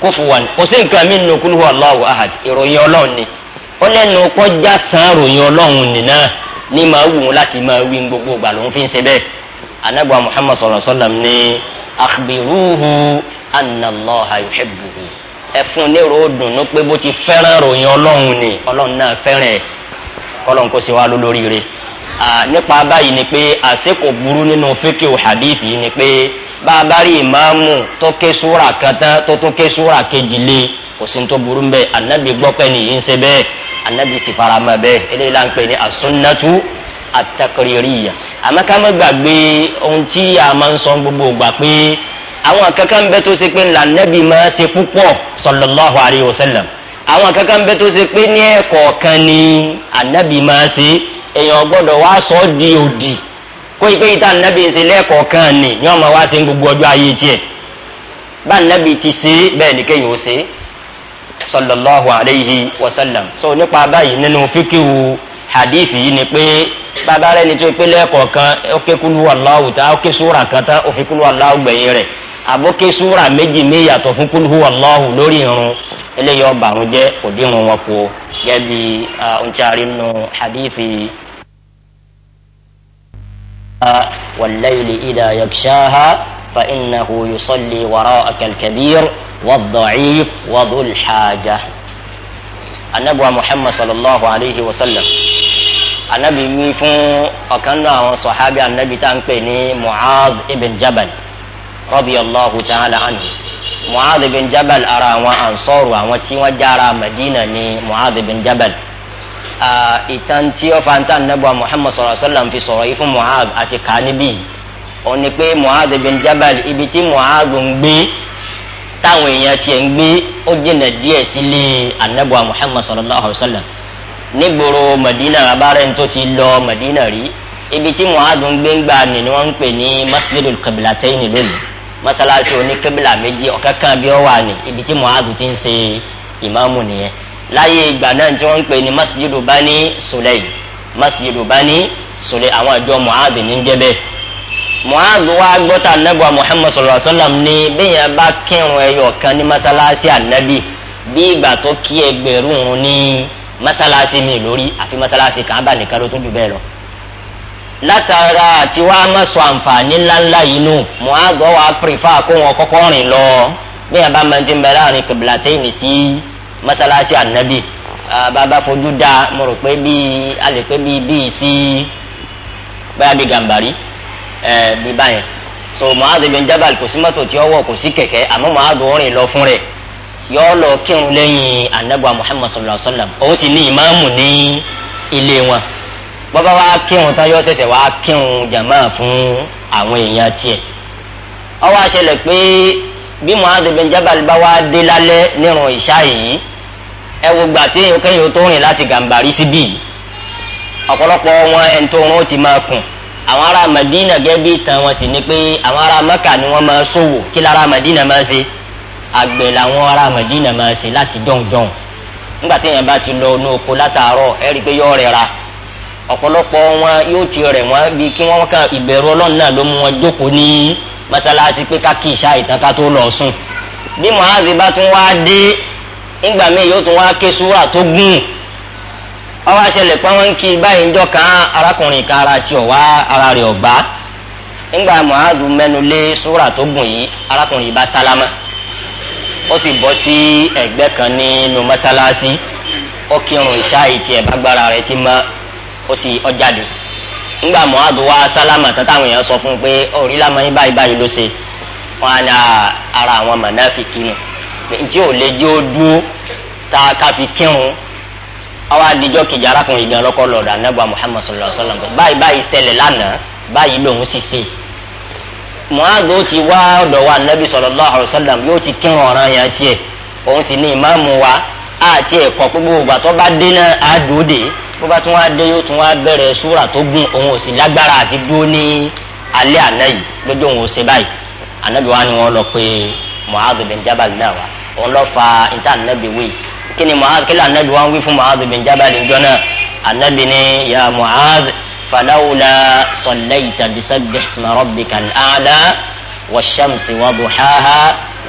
kúfùwàn kò sí nǹkan mi nù kúlùwà Allahu ahad ìròyìn ọlọ́run ni ó lẹ́nu kọjá san ròyìn ọlọ́run nìna ní màá wù wọn láti máa wí gbogbo ìgbà ló ń fi ń ṣe bẹ́ẹ̀ anagba Muhammad sallallahu alaihi wasallam ní akhbiruhu anna Allaha yuhibbuhu ẹfun nírò ó dùnú pé bó ti fẹ́ràn ròyìn ọlọ́run ni ọlọ́run náà fẹ́ràn ẹ̀ kọ́lọ́n kó ṣe wá lólóríire nípa báyìí ni pé àṣẹ kò burú nínú fíkìw hadith yìí ni pé bàbá rí ìmáàmù tó ké súra kan tán tó tó ké súra kejì lé kò sí tó burú bẹ́ẹ̀ anabi gbọ́pẹ́ nìyí ń ṣe anabi sì fara mọ́ bẹ́ẹ̀ eléyìí là ń pè ní asunnatu atakaririya àmọ́ gbàgbé ohun tí a máa ń sọ gbogbo gbà pé àwọn kankan bẹ́ẹ̀ tó ṣe pé ńlá anabi máa ṣe púpọ̀ sallallahu alayhi wa sallam àwọn kankan bẹ́ẹ̀ tó ṣe pé ní ẹ̀kọ́ kan ni anabi máa ṣe èèyàn gbọ́dọ̀ wá sọ ọ́ di òdì kó ipe ìta nàbì ṣe kan ni ni wọ́n máa wá sí gbogbo ọjọ́ ayé tiẹ̀ bá nàbì ti ṣe bẹ́ẹ̀ ni kéèyàn ó ṣe sallallahu alayhi wa so nípa báyìí nínú fíkìwù hadith yìí ni pé bàbá rẹ ni tó pé lẹ́ẹ̀kọ̀ọ̀kan ó ké kúlú aláwù tá ó ké súra kan tán ó fi kúlú aláwù gbẹ̀yìn rẹ̀ àbó ké súra méjì ní ìyàtọ̀ fún kúlú gẹ́bí ọ̀njàre nù hadithi والليل إذا yọ̀kṣáha فإنه يصلي وراءك الكبير والضعيف وذو الحاجة النبوة محمد صلى الله عليه وسلم النبي ميفون وكانوا هو صحابي النبي تنقيني معاذ ابن جبل رضي الله تعالى عنه mu'adh bin jabal ara àwọn ansọ́rù àwọn tí wọ́n jára madina ni mu'adh bin jabal ìtàn tí ó fa ń tàn nẹ́bọ̀ muhammad sọ̀rọ̀ sọ́làm fi sọ̀rọ̀ yìí fún mu'adh àti kanibi ó ní pé mu'adh bin jabal ibi tí mu'adh ń gbé táwọn èèyàn tiẹ̀ ń gbé ó jìnà díẹ̀ sílé anẹ́bọ̀ muhammad sọ̀rọ̀ sọ́làm nígboro madina abárẹ́ tó ti lọ madina rí ibi tí mu'adh ń gbé ń gbà ní ni wọ́n ń pè ní masjidul kabilatẹ́yìn lónìí mọ́sálásí oníkébìlà méjì ọ̀kẹ́ kan bí ó wà ní ibi tí muhammadu ti ń ṣe ìmáàmù nìyẹn láyé ìgbà náà tí wọ́n ń pè ní masjidu bani sulayi masjidu bani sulayi àwọn ìjọ muhammadu ní jẹ́bẹ̀ muhammadu wa gbọ́tà anábọ̀ muhammad sallallahu alayhi wa sallam ní bẹ́ẹ̀ bá kírun ẹyọ kan ní mọ́sálásí anábì bí ìgbà tó kí ẹgbẹ̀rún ní mọ́sálásí mi lórí àfi mọ́sálásí kan bá ló tún jù bẹ́ẹ̀ lọ látara àti wá má sọ àǹfààní ńláńlá yìí nù muhago wa pèfà kó wọn kọ́kọ́ rìn lọ bí yàrá máa ti ń bẹ láàrin kìbìlàtẹ́yìn sí mọ́sálásí ànábì bàbá fojú dá mo rò pé bíi a lè pé bíi bíi sí báyà bíi gàmbàrí ẹ bíi báyẹn so muhago bin jabal kò sí mọ́tò tí ó wọ̀ kò sí kẹ̀kẹ́ àmọ́ muhago rìn lọ fún rẹ̀ yọ lọ kírun lẹ́yìn anabi muhammad sallallahu alaihi wa sallam òun sì ní ìmáàmù ní ilé wọn bọ́bá wa kírun tán yọ ṣẹ̀ṣẹ̀ wá kírun jàmá fún àwọn èèyàn tiẹ̀ ó wá ṣẹlẹ̀ pé bí Mu'adh bin Jabal bá wá dé lálẹ́ nírun ìṣá yìí ẹ wo gbà tí èèyàn kẹ́yìn tó rìn láti gàǹbarí síbí yìí ọ̀pọ̀lọpọ̀ wọn ẹni tó rún ó ti máa kùn àwọn ará Madina gẹ́bí tán wọn sì ni pé àwọn ará Maka ni wọ́n máa ṣòwò kí lára Madina máa ṣe àgbẹ̀ làwọn ará Madina máa ṣe láti dọ̀ndọ̀n nígbà tí èèyàn bá ti lọ inú oko látàárọ̀ ẹ rí i pé yọ̀ọ́ rẹ̀ ra ọ̀pọ̀lọpọ̀ wọn yóò ti rẹ̀ wọ́n bí kí wọ́n ká ìbẹ̀rù ọlọ́run náà ló mú wọn jókòó ní mọ́sálásí pé ká ìṣá tó lọ sùn bí muhammed bá tún wá dé nígbà míì yóò tún wá ké súrà tó gùn wọ́n wá ṣẹlẹ̀ pé wọ́n ń kí báyìí ń jọ kan arákùnrin kan ara tí ò wá bá sálámà ó sì bọ́ sí kan nínú mọ́sálásí ó kírun ó sì ọjáde ńgbà muhammadu wa sálámà tàtàwọn èèyàn sọ fún un pé orí lámọyìn báyìí báyìí ló ṣe wọn á ní ah, ara àwọn mọ̀nàfìkì nù tí ò lè jẹ́ ó dúró tá a ká fi kírun àwa kejì arákùnrin gan lọ́kọ́ sallallahu alayhi wa sallam báyìí báyìí ṣẹlẹ̀ lánàá báyìí lòun sì ṣe muhammadu ti wá ọ̀dọ̀ wa anábì sallallahu alayhi wa sallam yóò ti kírun ọ̀ràn yẹn tiẹ̀ òun sì ní wa bó bá tún wá dé yóò tún wá bẹ̀rẹ̀ súra tó gùn òun ò sì lágbára àti dúró ní alẹ́ àná yìí lójú òun ò ṣe báyìí ànábì wa ni wọ́n lọ pé muhammadu bin jabal náà wá òun lọ fa níta ànábì wí kí ni muhammadu kí ni ànábì wa wí fún muhammadu bin jabal ń jọ́nà ànábì ni ya muhammadu falawula sọlẹ́yìntà bisabbi smarọ́bì kan áàdá wàṣàmùsì wàdùháhá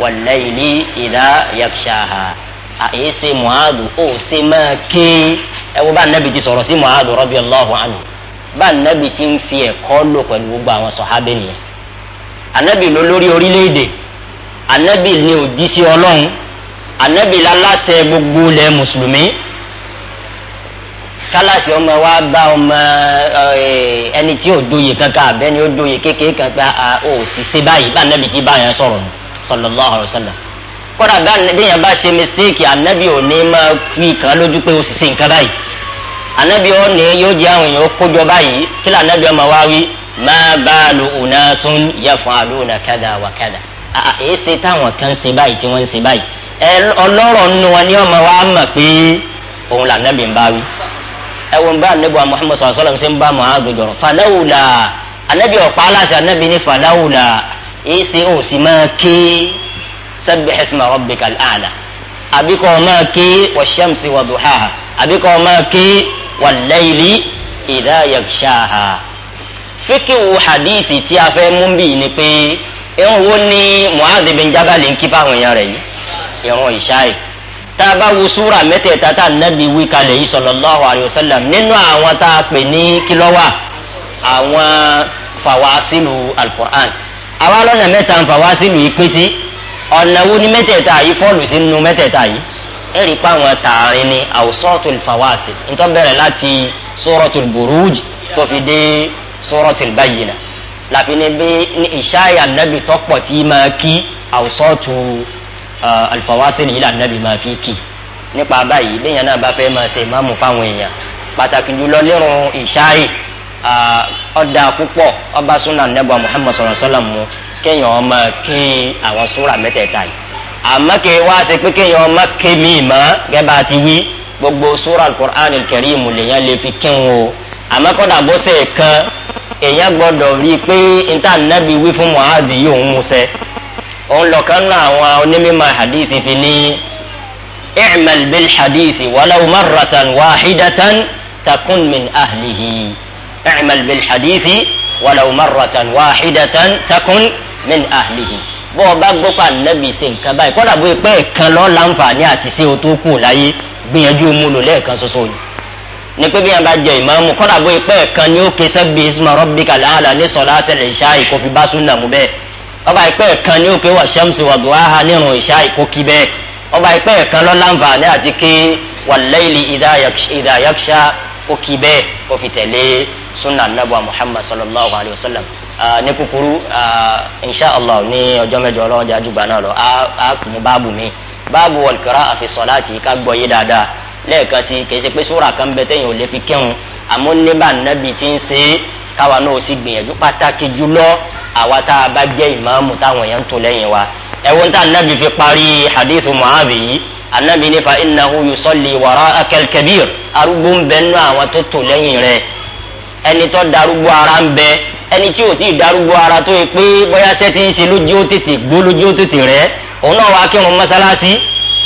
wàlẹ́yìlì ìdá yàgṣáhá àyè ṣe muhammadu ó ṣe máa kéé ẹ wo bá nẹ́bi ti sọ̀rọ̀ sí muhammadu radiyallahu anhu bá nẹ́bi ti ń fi ẹ̀kọ́ lò pẹ̀lú gbogbo àwọn sọ̀hábẹ́ nìyẹn anabi ló lórí orílẹ̀-èdè anabi ni òjísé ọlọ́run anabi lálásẹ gbogbo ilẹ̀ mùsùlùmí kálásì ọmọ wa bá ọmọ ẹni tí ò dóye kankan abẹ́ni ó dóye kékeré kankan ó sì ṣe báyìí bá anabi ti bá yẹn sọ̀rọ̀ sallallahu alaihi wasallam kọ́dà bẹ́yẹn bá ṣe mistake anabi ò ní máa fi kàn lójú pé o sì ṣe nǹkan báyìí anabi ò ní yóò jẹ́ àwọn èèyàn kójọ báyìí kí lè anabi ọmọ wa wí máa bá a lo ònà sún yẹ fún àlóòna kádà wà kádà èyí ṣe táwọn kan ṣe báyìí tí wọ́n ń ṣe báyìí ọlọ́rọ̀ nínú wọn ni ọmọ wa mọ̀ pé òun là anabi ń bá wí ẹwọn bá anabi wa muhammad sallallahu alaihi wa sallam ṣe ń bá muhammad jọrọ falawula anabi ọ̀pá aláṣẹ sabbih isma rabbikal a'la àbíkọ́ ọmọ ké wash-shamsi wa duhaha àbíkọ́ ọmọ ké wal-layli idha yaghshaha. fíkìwù hadithi tí a fẹ́ mú bí ni pé irun wo ni Mu'adh bin Jabal ń kí fáwọn èèyàn rẹ̀ yìí irun ìṣáì tá a bá wo súra mẹ́tẹ̀ẹ̀ta tá a sallallahu alayhi wa sallam nínú àwọn tá a pè ní kílọ́wà àwọn fàwásìlù al-Qur'an àwa lọ́nà mẹ́ta ń ọ̀nà wo ni mẹ́tẹ̀ẹ̀ta yìí fọ́ọ̀lù sí nu mẹ́tẹ̀ẹ̀ta yìí ẹ̀rí pa àwọn tààrin ni àwùsọ́ọ̀tùl fàwáàsì ntọ́ bẹ̀rẹ̀ láti sọ́rọ̀tùl burúj tó fi dé sọ́rọ̀tùl báyìnà láfi ní bí ní ìṣáyà nàbì tọ́pọ̀ tí máa kí àwùsọ́ọ̀tù alfàwáàsì nìyí lànàbì máa fi kì nípa báyìí bẹ́ẹ̀ yẹn náà bá fẹ́ máa ṣe máàmù fáwọn èèyàn pàtàkì jùlọ nírun ìṣáyà ọ̀dà púpọ̀ ọba sunna nebà muhammad sallallahu alaihi wasallam mu kéèyàn ọmọ kín àwọn súra mẹ́tẹ̀ẹ̀ta yìí àmọ́ kí wá sí pé kéèyàn ọmọ ké mi mọ́ gẹ́gẹ́ àti wí gbogbo súra alukur'an kẹrìmù lèyàn lè fi kín o àmọ́ kọ́dà bó ṣe kan èèyàn gbọ́dọ̀ rí i pé níta nẹ́bi wí fún muhammed yìí òun sẹ́ òun lọ́kàn náà àwọn onímọ̀ hadith fi ní i'mal hadith walaw اعمل بالحديث ولو مرة واحدة wàhídatan من أهله. ahlihi. bọ́ ọ bá gbọ́ pa nàbì ṣe nǹkan báyìí kọ́dà bó ipẹ́ kan lọ́ láǹfààní àti ṣe o tó kù láyé gbìyànjú mu lò lẹ́ẹ̀kan ṣoṣo ni. ní pé bí wọn bá jẹ ìmáàmù kọ́dà bó ipẹ́ kan ni ó ké sẹ́bi isma rabbika làálà ní sọ̀lá tẹ̀lé ìṣá ìkọ́fi bá súnà mú bẹ́ẹ̀. ọba ipẹ́ kan ni ó ké wà sẹ́mùsì wà dùwáhà nírun ìṣá ìkókí bẹ́ẹ̀. ọba ipẹ́ ó kì í bẹ́ẹ̀ ó fi tẹ̀lé sunna anabu muhammad sallallahu alayhi wa sallam ní kúkúrú insha allah ní ọjọ́ mẹ́jọ ọlọ́run jẹ́ àjùgbà náà lọ á kún báàbù mi báàbù wọ̀lkìrá àfi sọ̀láàtì ká gbọ́ yé dáadáa lẹ́ẹ̀kan sí kì í ṣe pé sóra kan bẹ tẹ́yìn ò lè fi kírun àmọ́ níbà nàbì ti ń ṣe káwa náà ó sì gbìyànjú pàtàkì jùlọ àwa tá a bá jẹ́ ìmáàmù táwọn èèyàn ń tò lẹ́yìn wa ẹ̀wọ̀n tí anabi fi parí hadith muhazi yìí anabi nífa innahu yusalli wàrà akẹ́kẹ́bíir arúgbó ń bẹ nínú àwọn tó tò lẹ́yìn rẹ̀ ẹni tó darúgbó ara ń bẹ ẹni tí ò tí ì darúgbó ara tó yẹ pé bóyá sẹ́tì ń ṣe lójú ó tètè gbó lójú ó tètè rẹ̀ òun náà wàá kírun mọ́sálásí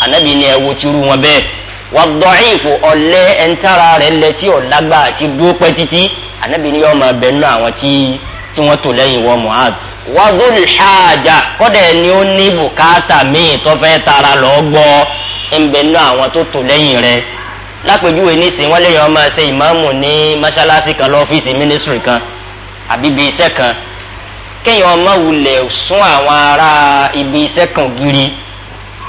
anabi ní ẹ̀wọ̀ tìrú wọn bẹ́ẹ̀ wàdọ̀ìfò ọ̀lẹ́ ẹ̀ńtara rẹ̀ lẹ́tí ọ̀lágbà àti dúró pẹ́ títí ànábì ni yọ ọmọ abẹ nínú àwọn tí tí wọ́n tò lẹ́yìn wọ mohad wàdúlù ṣáàjà kọ́dà ni ó ní bùkátà míì tó fẹ́ tara lọ gbọ́ ẹ̀ńbẹ̀ àwọn tó tò lẹ́yìn rẹ̀ lápèjúwe nísìnyí wọ́n lẹ́yìn ọmọ ẹsẹ̀ ìmáàmù ní mọ́ṣáláṣí kan lọ́fíìsì mínísírì kan àbí iṣẹ́ kan kéèyàn ọmọ wulẹ̀ sún àwọn ará ibi iṣẹ́ kan gírí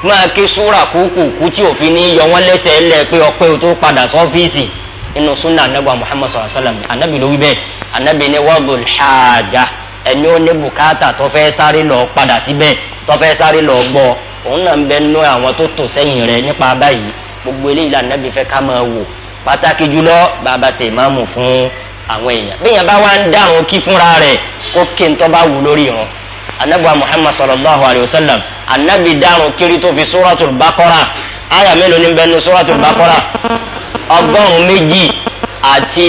máa ké súrà kúkúkú tí òfin ní yọ wọn lẹsẹ lẹ pé ọpẹ o tó padà sọfíìsì inú sunna anabi muhammad sallallahu alaihi wa sallam anabi ló wí bẹẹ anabi ni wàdùn xaaja ẹni ó ní bùkátà tó fẹ́ sáré lọ padà síbẹ̀ tó fẹ́ sáré lọ gbọ́ òun náà ń bẹ nú àwọn tó tò sẹ́yìn rẹ nípa báyìí gbogbo eléyìí la anabi fẹ́ ká máa wò pàtàkì jùlọ bàbá ṣe máàmù fún àwọn èèyàn bí èèyàn bá wá ń dáhùn kí fúnra rẹ kó kí bá wù lórí wọn anabiwa muhammad sallallahu alayhi wa sallam anabi daarun kiri tó fi suratul bakora aya mélòó ni bẹnu suratul bakora ọgọ́rùn méjì àti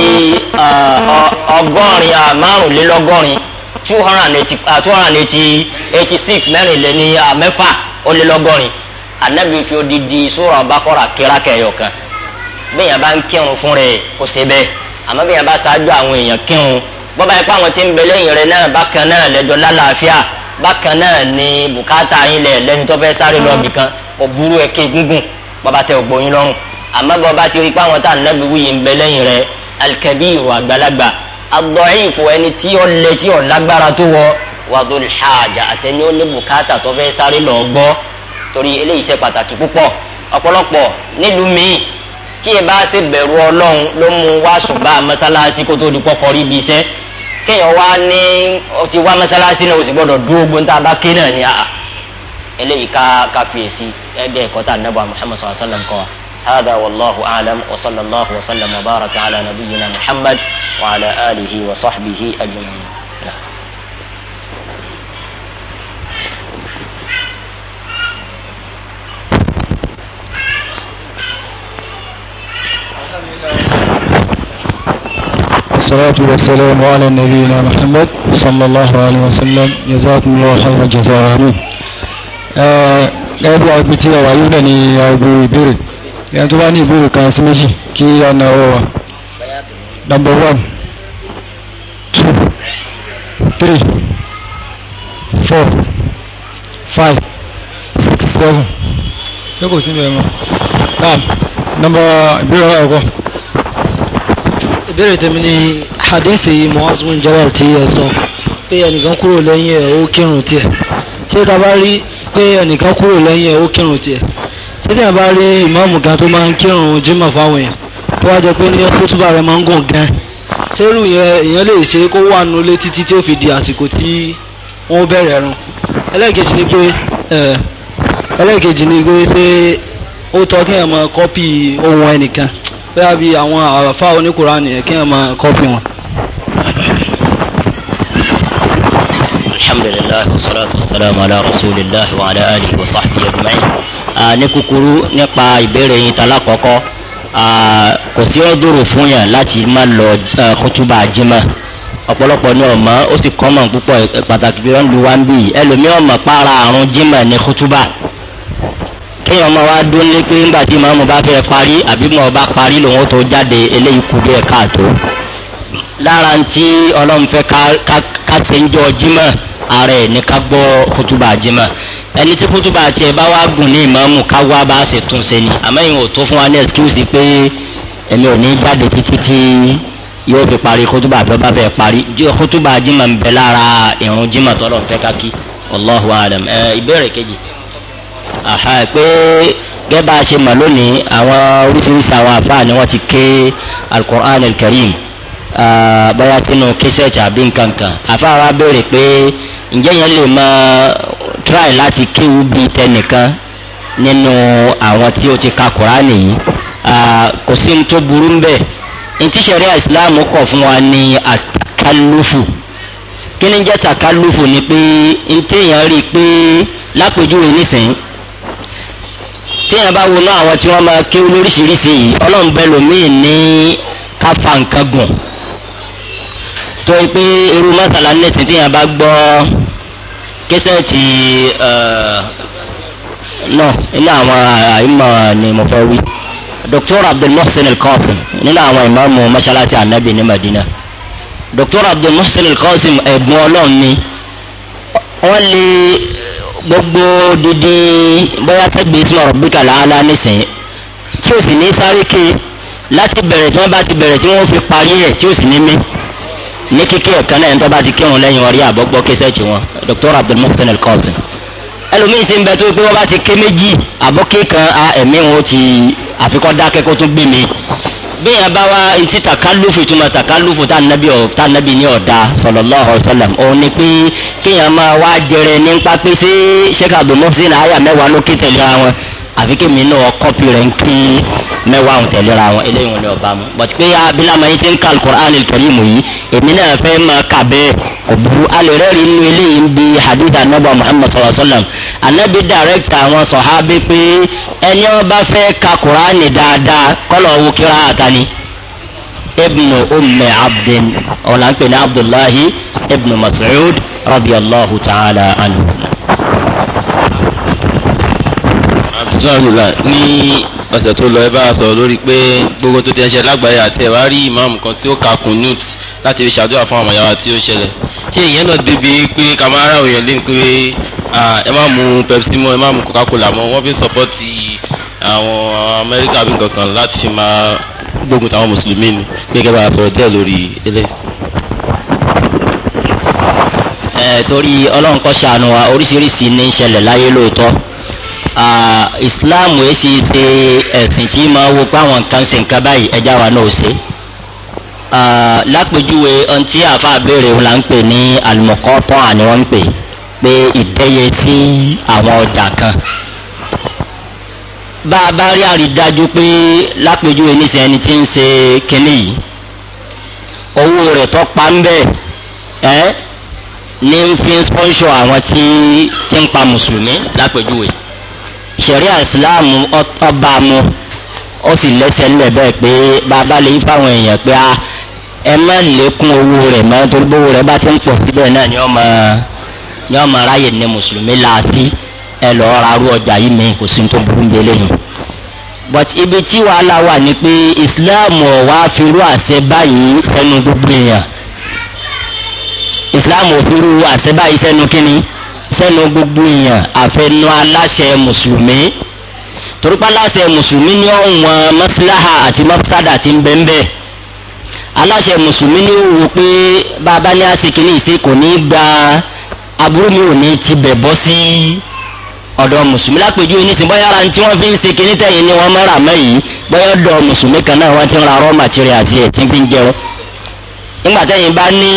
ọgọ́rin márùnlélọ́gọ́rin two hundred and eighty six mẹ́rin lé ní mẹ́fà ó lé lọ́gọ́rin anabi fi odidi sura bakora kira kẹyọ kan bẹ́ẹ̀ yẹn bá ń kírun fún rẹ̀ kó ṣe bẹ́ẹ̀ àmọ́ bẹ́ẹ̀ yẹn bá ṣáájú àwọn èèyàn kírun bọ́bá ẹ̀ pé àwọn tí ń bẹ lẹ́yìn rẹ̀ náà bákan náà lẹ́jọ́ lálàáfíà bákan náà ni bùkátà yín lẹ̀ lẹ́ni tó fẹ́ sáré lọ bìkan kò burú ẹ̀kẹ́ gígùn bọ́bá tẹ ògbó yín lọ́rùn àmọ́ bọ́bá ti rí pé àwọn tá à ń lẹ́bi wúyì ń bẹ lẹ́yìn rẹ̀ alikẹ́bí ìrò àgbàlagbà agbọ̀nyìnfò ẹni tí ó lẹ tí ó lágbára tó wọ wàdúrà ṣáàjà àtẹni ó ní bùkátà tó fẹ́ sáré lọ gbọ́ torí eléyìí ṣe pàtàkì púpọ̀ ọ̀pọ̀lọpọ̀ nílùú míì tí ẹ bá ṣe bẹ̀rù ọlọ́run ló mú wá ṣùgbọ́n mọ́sálásí kó tó di pọ́kọ rí iṣẹ́ kéèyàn wá ní ó ti wá mọ́sálásí náà ó sì gbọ́dọ̀ dúró gbóńtà bá ké náà ní àá eléyìí ká ká fiyèsí ẹgbẹ́ ẹ̀kọ́ tá a nàbọ̀ muhammad sallallahu alayhi wa sallam kọ́ هذا والله أعلم وصلى الله وسلم وبارك على نبينا محمد وعلى آله وصحبه أجمعين Gracias. والصلاة والسلام على نبينا محمد صلى الله عليه وسلم جزاكم الله خير الجزاء آمين ẹgbẹ́ agbe tí a wà yìí náà ni agbo ìbéèrè ẹni tó bá ní ìbéèrè kan sí méjì kí a na ọwọ́ wa number one two three four five six seven. ṣé kò sí mi ẹ̀ mọ́. number ìbéèrè ọ̀rọ̀ ẹ̀kọ́ ìbéèrè tèmi ni hadithi muhasbun jabal ti yẹ sọ pé ẹnìkan kúrò lẹ́yìn ẹ̀ ó kírun tiẹ̀ ṣé ta bá rí pé ẹnìkan kúrò lẹ́yìn ẹ̀ ó kírun tiẹ̀ ṣé tí a bá rí ìmáàmù kan tó máa ń kírun jímọ̀ fáwọn èèyàn tó wá jẹ pé ní kútúbà rẹ̀ máa ń gùn gan sẹ́rù yẹn èèyàn lè ṣe kó wà nulẹ̀ títí tí ó fi di àsìkò tí wọ́n bẹ̀rẹ̀ run ẹlẹ́ẹ̀kejì ni pé ẹlẹ́ẹ̀kejì ni pé ṣé ó tọ́ kí ẹ̀ máa kọ́pì ohun ẹnìkan bóyá bíi àwọn àràfà oníkùránì yẹn kí ẹ máa kọ́pì wọn. alhamdulillah wasalaatu wasalaamu ala rasulillah wa ala alihi wa sahbihi ajma'in. ní kúkúrú nípa ìbéèrè yín tala kọ́kọ́ kò sí ọdúnrún fún yàn láti má lọ kútúbà jimá ọ̀pọ̀lọpọ̀ ni ọ̀mọ́ ó sì kọ́mọ̀ púpọ̀ pàtàkì bí wọ́n lu wá ń bì ẹlòmíràn mọ̀ pààrà àrùn jimá ní kútúbà kéèyàn máa wá dún ní pé ńgbà tí màmú bá fẹ́ parí àbí mọ̀ bá parí lòun tó jáde eléyìí kú díẹ̀ káàtó lára ń tí ọlọ́run fẹ́ ká ṣe ń jọ jímọ̀ ààrẹ ní ká gbọ́ kútùbà jímọ̀ ẹni tí kútùbà tiẹ̀ bá wá gùn ní ìmọ̀ọ́mù ká bá ṣe tún ṣe ni àmọ́ ìwọ̀n tó fún wa ní ẹ̀sìkúùsì pé èmi ò ní jáde títí tí yóò fi parí kútùbà àbí ọba bẹ́ẹ̀ parí kútùbà jímọ̀ ń bẹ Allahu alam ìbéèrè pé gẹ́gẹ́ bá a ṣe mọ̀ lónìí àwọn oríṣiríṣi àwọn àfáà ni wọ́n ti ké alukur'an alkarim bóyá sínú kíṣẹ́ẹ̀tì àbí nkankan àfáà wa béèrè pé ǹjẹ́ yẹn lè máa try láti kéwú bíi tẹnìkan nínú àwọn tí ó ti ka kuraani yìí kò sí ní tó burú bẹ́ẹ̀ ntí sẹ́ríà islam kọ̀ fún wa ní àtàkálùfù kí ni jẹ́ tàkálùfù ni pé ntí èèyàn rí i pé lápèjúwe nísìnyí téèyàn bá wọnú àwọn tí wọ́n máa kéwú lóríṣiríṣi yìí ọlọ́run bẹ lòmíì ní káfa nǹkan gùn tó yẹ pé irú mọ́sálà nẹ́sìn téèyàn bá gbọ́ kẹsẹ̀tì eh, náà nínú àwọn àìmọ̀ ni mo fẹ́ wí Dr. Abdul Muhsin Al-Qasim nínú àwọn ìmáàmù mọ́ṣáláṣí ànábì ní Madina Dr. abdulmohsen Muhsin Al-Qasim ẹ̀gbọ́n ọlọ́run ni wọ́n lè gbogbo Didi, bóyá sẹ́gbẹ̀ẹ́ sínú ọ̀rọ̀ bíkà làálá nísìnyí tí o sì ní sáré ké láti bẹ̀rẹ̀ tí wọ́n bá ti bẹ̀rẹ̀ tí wọ́n fi parí ẹ̀ tí o sì ní mí ní kíkẹ́ ọ̀kan náà ẹni bá ti kírun lẹ́yìn ọ̀rí àbọ̀gbọ́ kẹsẹ̀ tí wọn Dr. Abdul Mohsen El-Qasim ẹlòmíín sì ń bẹ tó pé wọ́n bá ti ké méjì àbọ̀ké kan ẹ̀mí wọn ti àfikọ́ dákẹ́ kó tún gbé mi bí yẹn bá wá etí takalufu ìtumọ̀ takalufu tá nàbí ní ọ̀dà sallallahu alaihi wasallam òun ni pé kéèyàn máa wá jẹrẹ nípa pé ṣé sheikh abdul mohsin aya mẹ́wàá lókè tẹ̀léra wọn àfi kémi náà kọ́pì rẹ̀ ń kí mẹ́wàá òun tẹ̀léra wọn eléyìí wọn ni ọba mu bọ̀tí pé abiláma yìí ti ń ka alukur'an alkarim yìí èmi náà fẹ́ máa kà bẹ́ẹ̀ kò burú alẹ́ rẹ́rìí nínú eléyìí ń bi hadith anábọ̀ muhammad sallallahu alaihi wasallam anabi direct àwọn sọ̀hábí pé ẹni ọba fẹ́ ka kuraani dáadáa kọ́lọ̀ wù kíra àtàní. ibnu umme abdin ọ̀làǹpẹ̀ ní abdullahi ibnu mas'ud radiyallahu ta'ala anhu. alhamdulilayi ní ọ̀sẹ̀ tó lọ ẹ bá a sọ̀rọ̀ lórí pé gbogbo tó ti ẹṣẹ̀ lágbàáyé àti ẹ̀wá rí ìmáàmù kan tí ó ka kunut láti fi ṣàdúrà fún àwọn àyàwó tí ó ṣẹlẹ̀ tí èèyàn náà débi pé kàmáàrà òyìnbó pé ẹ má mu pepsi mọ́ ẹ má mu coca-cola mọ́ wọ́n fi sọpọ́tì àwọn amẹ́ríkà bí kankan láti fi máa gbógun táwọn mùsùlùmí ni gẹ́gẹ́ bá a sọ̀rọ̀ díẹ̀ lórí ilé. ẹ torí ọlọ́run kọ́ ṣàánú wa oríṣiríṣi ní í ṣẹlẹ̀ láyé lóòótọ́ islam ẹ̀ sì ṣe ẹ̀sìn tí máa wo pé àwọn nǹkan ṣe nǹkan báyìí ẹja wa náà ṣe lápèjúwe ohun tí àáfàá béèrè wọn là ń pè ní àlùmọ̀kọ́ pọ́n àní ń pè é pé ìdẹ́yẹ sí àwọn ọjà kan bá a bá rí àrídájú pé lápèjúwe níṣẹ́ ẹni tí ń ṣe kínní yìí owó rẹ̀ tó pa ń bẹ̀ ẹ́ ní ń fi spọ́nṣọ́ àwọn tí tí ń pa mùsùlùmí lápèjúwe ṣẹ̀ríà ìsìláàmù ọba mu ó sì lẹ́sẹ̀ ńlẹ̀ bẹ́ẹ̀ pé bàbá lè yí fáwọn èèyàn pé a ẹ má lékún owó rẹ̀ mọ́ torí bówó rẹ̀ bá ti ń pọ̀ síbẹ̀ náà ni ó ní ọmọ aráyè ní mùsùlùmí láàfin ẹ lọ́ọ́ ra ọjà yìí mi kò sí tó burú délé yìí but ibi tí wàhálà wà ní pé islam ọ̀wá firú àṣẹ báyìí sẹ́nu gbogbo èèyàn islam ò firú àṣẹ báyìí sẹ́nu kínní sẹ́nu gbogbo èèyàn àfẹnu aláṣẹ mùsùlùmí torípa aláṣẹ mùsùlùmí ní ọ̀wọ́n mọ́síláhà àti mọ́sádà ti ń bẹ́ẹ̀ bẹ́ẹ̀ aláṣẹ mùsùlùmí ní ó wò pé bàbá ní àṣekínní ìṣe kò ní í gba aburú mi ò ní ti bẹ̀ bọ́ sí ọ̀dọ̀ mùsùlùmí lápèjú oníṣìn bóyá ara tí wọ́n fi ń ṣe kinní tẹ̀yìn ni wọ́n mọ́ra mọ́ yìí bóyá ọ̀dọ̀ mùsùlùmí kan náà wọ́n ti ń ra raw material àti ẹ̀ tí ń fi ń jẹun nígbà tẹ́yìn bá ní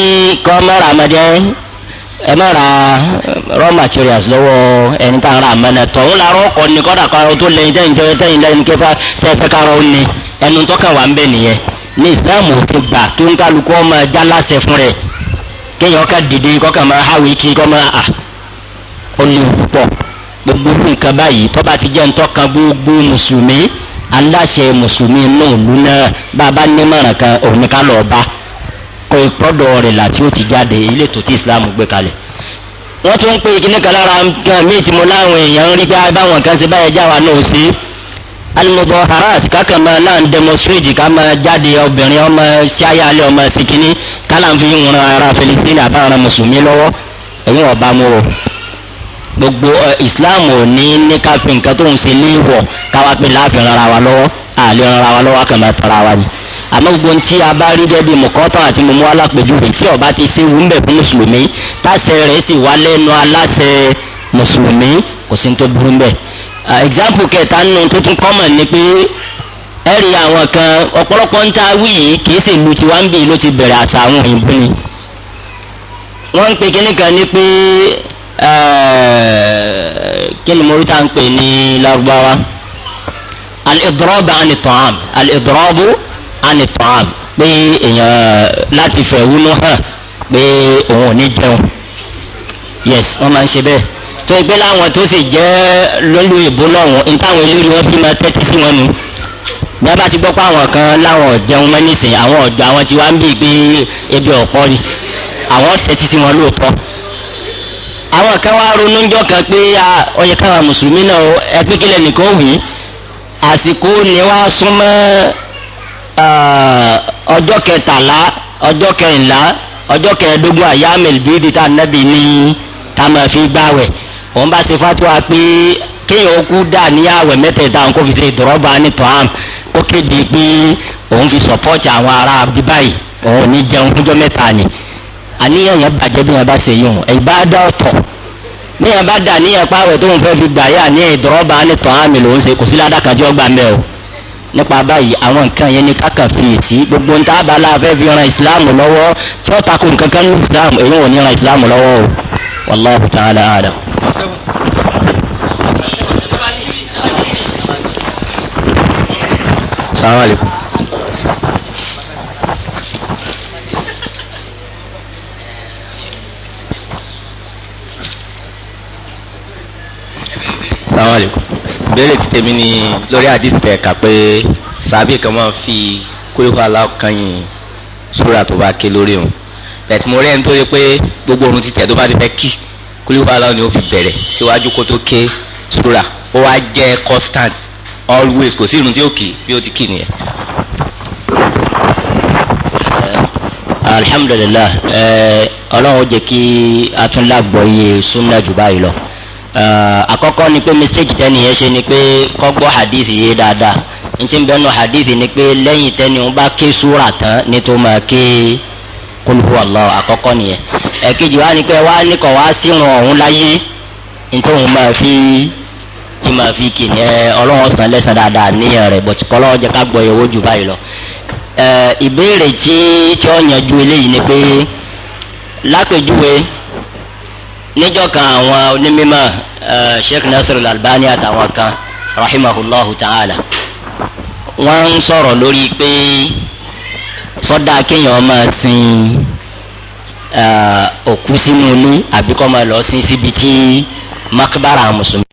kọ́ mọ́ra mọ́ jẹ́ ẹ má ra raw materials lọ́wọ́ ẹni tá à ń ra àmọ́nà tọ̀hún la rọ́ ọkọ̀ ni kọ́dà kọ́ra tó lẹ́yìn tẹ́yìn tẹ́yìn tẹ́yìn lẹ́yìn kẹfà tẹ́fẹ́ kára ó ní ẹnu tọ́kàn wà ń bẹ̀ nìyẹn ní ìsìláàmù ti gbà kí ń kálukú ọmọ ẹja láṣẹ fún rẹ̀ kéèyàn ká dìde kọ́kàn máa háwe kí kọ́ máa à ó léwu púpọ̀ gbogbo nǹkan báyìí tó bá ti jẹ́ ntọ́ka gbogbo mùsùlùmí aláṣẹ mùsùlùmí inú ìlú náà bàbá nímọ̀ràn kan òun ká lọ bá kọ ìpọ́dọ̀ rẹ̀ láti ó ti jáde ilé tó ti Islam gbé kalẹ̀ wọ́n tún ń pè kíní kan lára nǹkan míì tí mo láwọn èèyàn ń rí pé báwọn kan ṣe báyẹn jáwa náà ṣe almudaharat kaka ma náà ń demonstrate ká ma jáde obìnrin ọmọ ṣáyàlẹ ọmọ sikini kala ń fi ń ran ara Filistini àbára mùsùlùmí lọ́wọ́ ẹ̀yin ọba mu gbogbo Islam ò ní ká fi nǹkan tó ń ṣe ní ìwọ káwá láàfin rara wa lọ́wọ́ àlè rara wa lọ́wọ́ kàn máa tara wa ni àmọ́ gbogbo ntí a bá rí gẹ́gẹ́ bí mọ̀kọ́tàn àti mọ̀mọ́ alápèjúwe tí ọba ti ṣe wúńbẹ̀ fún mùsùlùmí táṣẹ rẹ̀ sì wá lẹ́nu aláṣẹ mùsùlùmí kò sí ní tó burú bẹ́ẹ̀. Ah, example kẹta nínú tó tún common ni pé ẹ rí àwọn kan ọ̀pọ̀lọpọ̀ ń ta wí yìí kì í sì lu tiwa ń bì ló ti bẹ̀rẹ̀ àṣà àwọn òyìnbó ni wọ́n ń pe kínní kan ní pé eh, kí ni mo rí ta ń pè ní lárúbáwá al-idrabu ani ta'am pé èèyàn láti fẹ̀hónú hàn pé òun ò ní jẹun yes wọ́n máa ń ṣe bẹ́ẹ̀ tó ẹgbẹ́ láwọn tó sì jẹ́ lọ́lù ìbò lọ́wọ́n ntáwọn eléré wọn fi máa tẹ́tí sí wọn nù bàbá ti gbọ́ pé àwọn kan láwọn ọ̀jẹun mọ́ nísìnyí àwọn ọ̀dọ́ àwọn tí wá ń bì gbé ebi ọ̀pọ̀ ni àwọn tẹ́tí sí wọn lóòótọ́ àwọn kan wá ronú jọ kan pé ọyẹ káwa mùsùlùmí náà ẹ kílẹ̀ nìkan wì í àsìkò ni wá súnmọ́ ọjọ́ kẹtàlá ọjọ́ kẹrìnlá ọjọ́ kẹẹ̀ẹ́dógún àyámẹ̀lì bíi di tá a nábì ní ká máa fi gbáwẹ̀ òun bá ṣe fatuwa pé kéèyàn kú dà ní àwẹ̀ mẹ́tẹ̀ẹ̀ta òun kò fi ṣe ìdọ̀rọ̀bà ní tọ́hán kó kéde pé òun fi sọ̀pọ́ọ̀tì àwọn ará bíbáyìí òun ní jẹun fúnjọ́ mẹ́ta ni àníyàn yẹn bàjẹ́ bí yẹn bá ṣe yùn ẹ̀ bá dá ọ̀tọ̀ ní yẹn bá dà níyẹn pàwẹ̀ tó ń fẹ́ fi gbà yà ní ìdọ̀rọ̀bà ní tọ́hán lòún ṣe kò sí ládàkàjọ́ gbà mẹ́ o nípa báyìí àwọn nǹkan yẹn ní kákan fèsì gbogbo ń tábà la fẹ́ fi ran ìsìláàmù lọ́wọ́ tí ó takò nǹkan kan ní ìsìláàmù èyí ò ní ran ìsìláàmù lọ́wọ́ o wàláhù tààlà àdàm seven. Assalamu alaikum. Assalamu alaikum. Ìbéèrè ti tèmi ni lórí àdìsí tẹ̀ka pé sàbí kan máa fi kúrò aláwọ̀kan yìí sóra tó bá ké lórí òun. Bẹ̀tí mo rí ẹni tó rí pé gbogbo ohun ti tẹ̀ tó bá ti fẹ́ kí. Kulipa aláwọ̀ ni ó fi bẹ̀rẹ̀ síwájú kó tó sura ó wá jẹ́ constant always kò sí irun tí ó kì bí ó ti kì nìyẹn. Eh, alhamdulillah eh, ọlọ́run jẹ́ kí a tún lágbọ́yé sunna jù báyìí lọ eh, àkọ́kọ́ ni pé mistake tẹ́ni yẹn ṣe ni pé kọ́gbọ́ hadith yé dáadáa n ti bẹnu hadith ni pé lẹ́yìn tẹ́ni wọn bá ké sura tán ni tó máa ké kul Allah àkọ́kọ́ nìyẹn. ẹ̀kejì wa ni pé wá níkọ̀ wá sírun ọ̀hún láyé nítorí máa fi kí máa fi kì ní ọlọ́wọ́n san lẹ́sàn dáadáa níyàn rẹ̀ bọ̀tí kọ́ lọ́wọ́ jẹ́ ká gbọ́ ìyẹ̀wò jù báyìí lọ. ìbéèrè tí tí ó yanjú eléyìí ni pé lápèjúwe níjọ́ kan àwọn onímọ̀ Sheikh Nasir albani àtàwọn kan ta'ala wọ́n ń sọ̀rọ̀ lórí pé sọ́dá kéèyàn máa òkú sínú ilé àbí máa lọ sí síbi tí makbara mùsùlùmí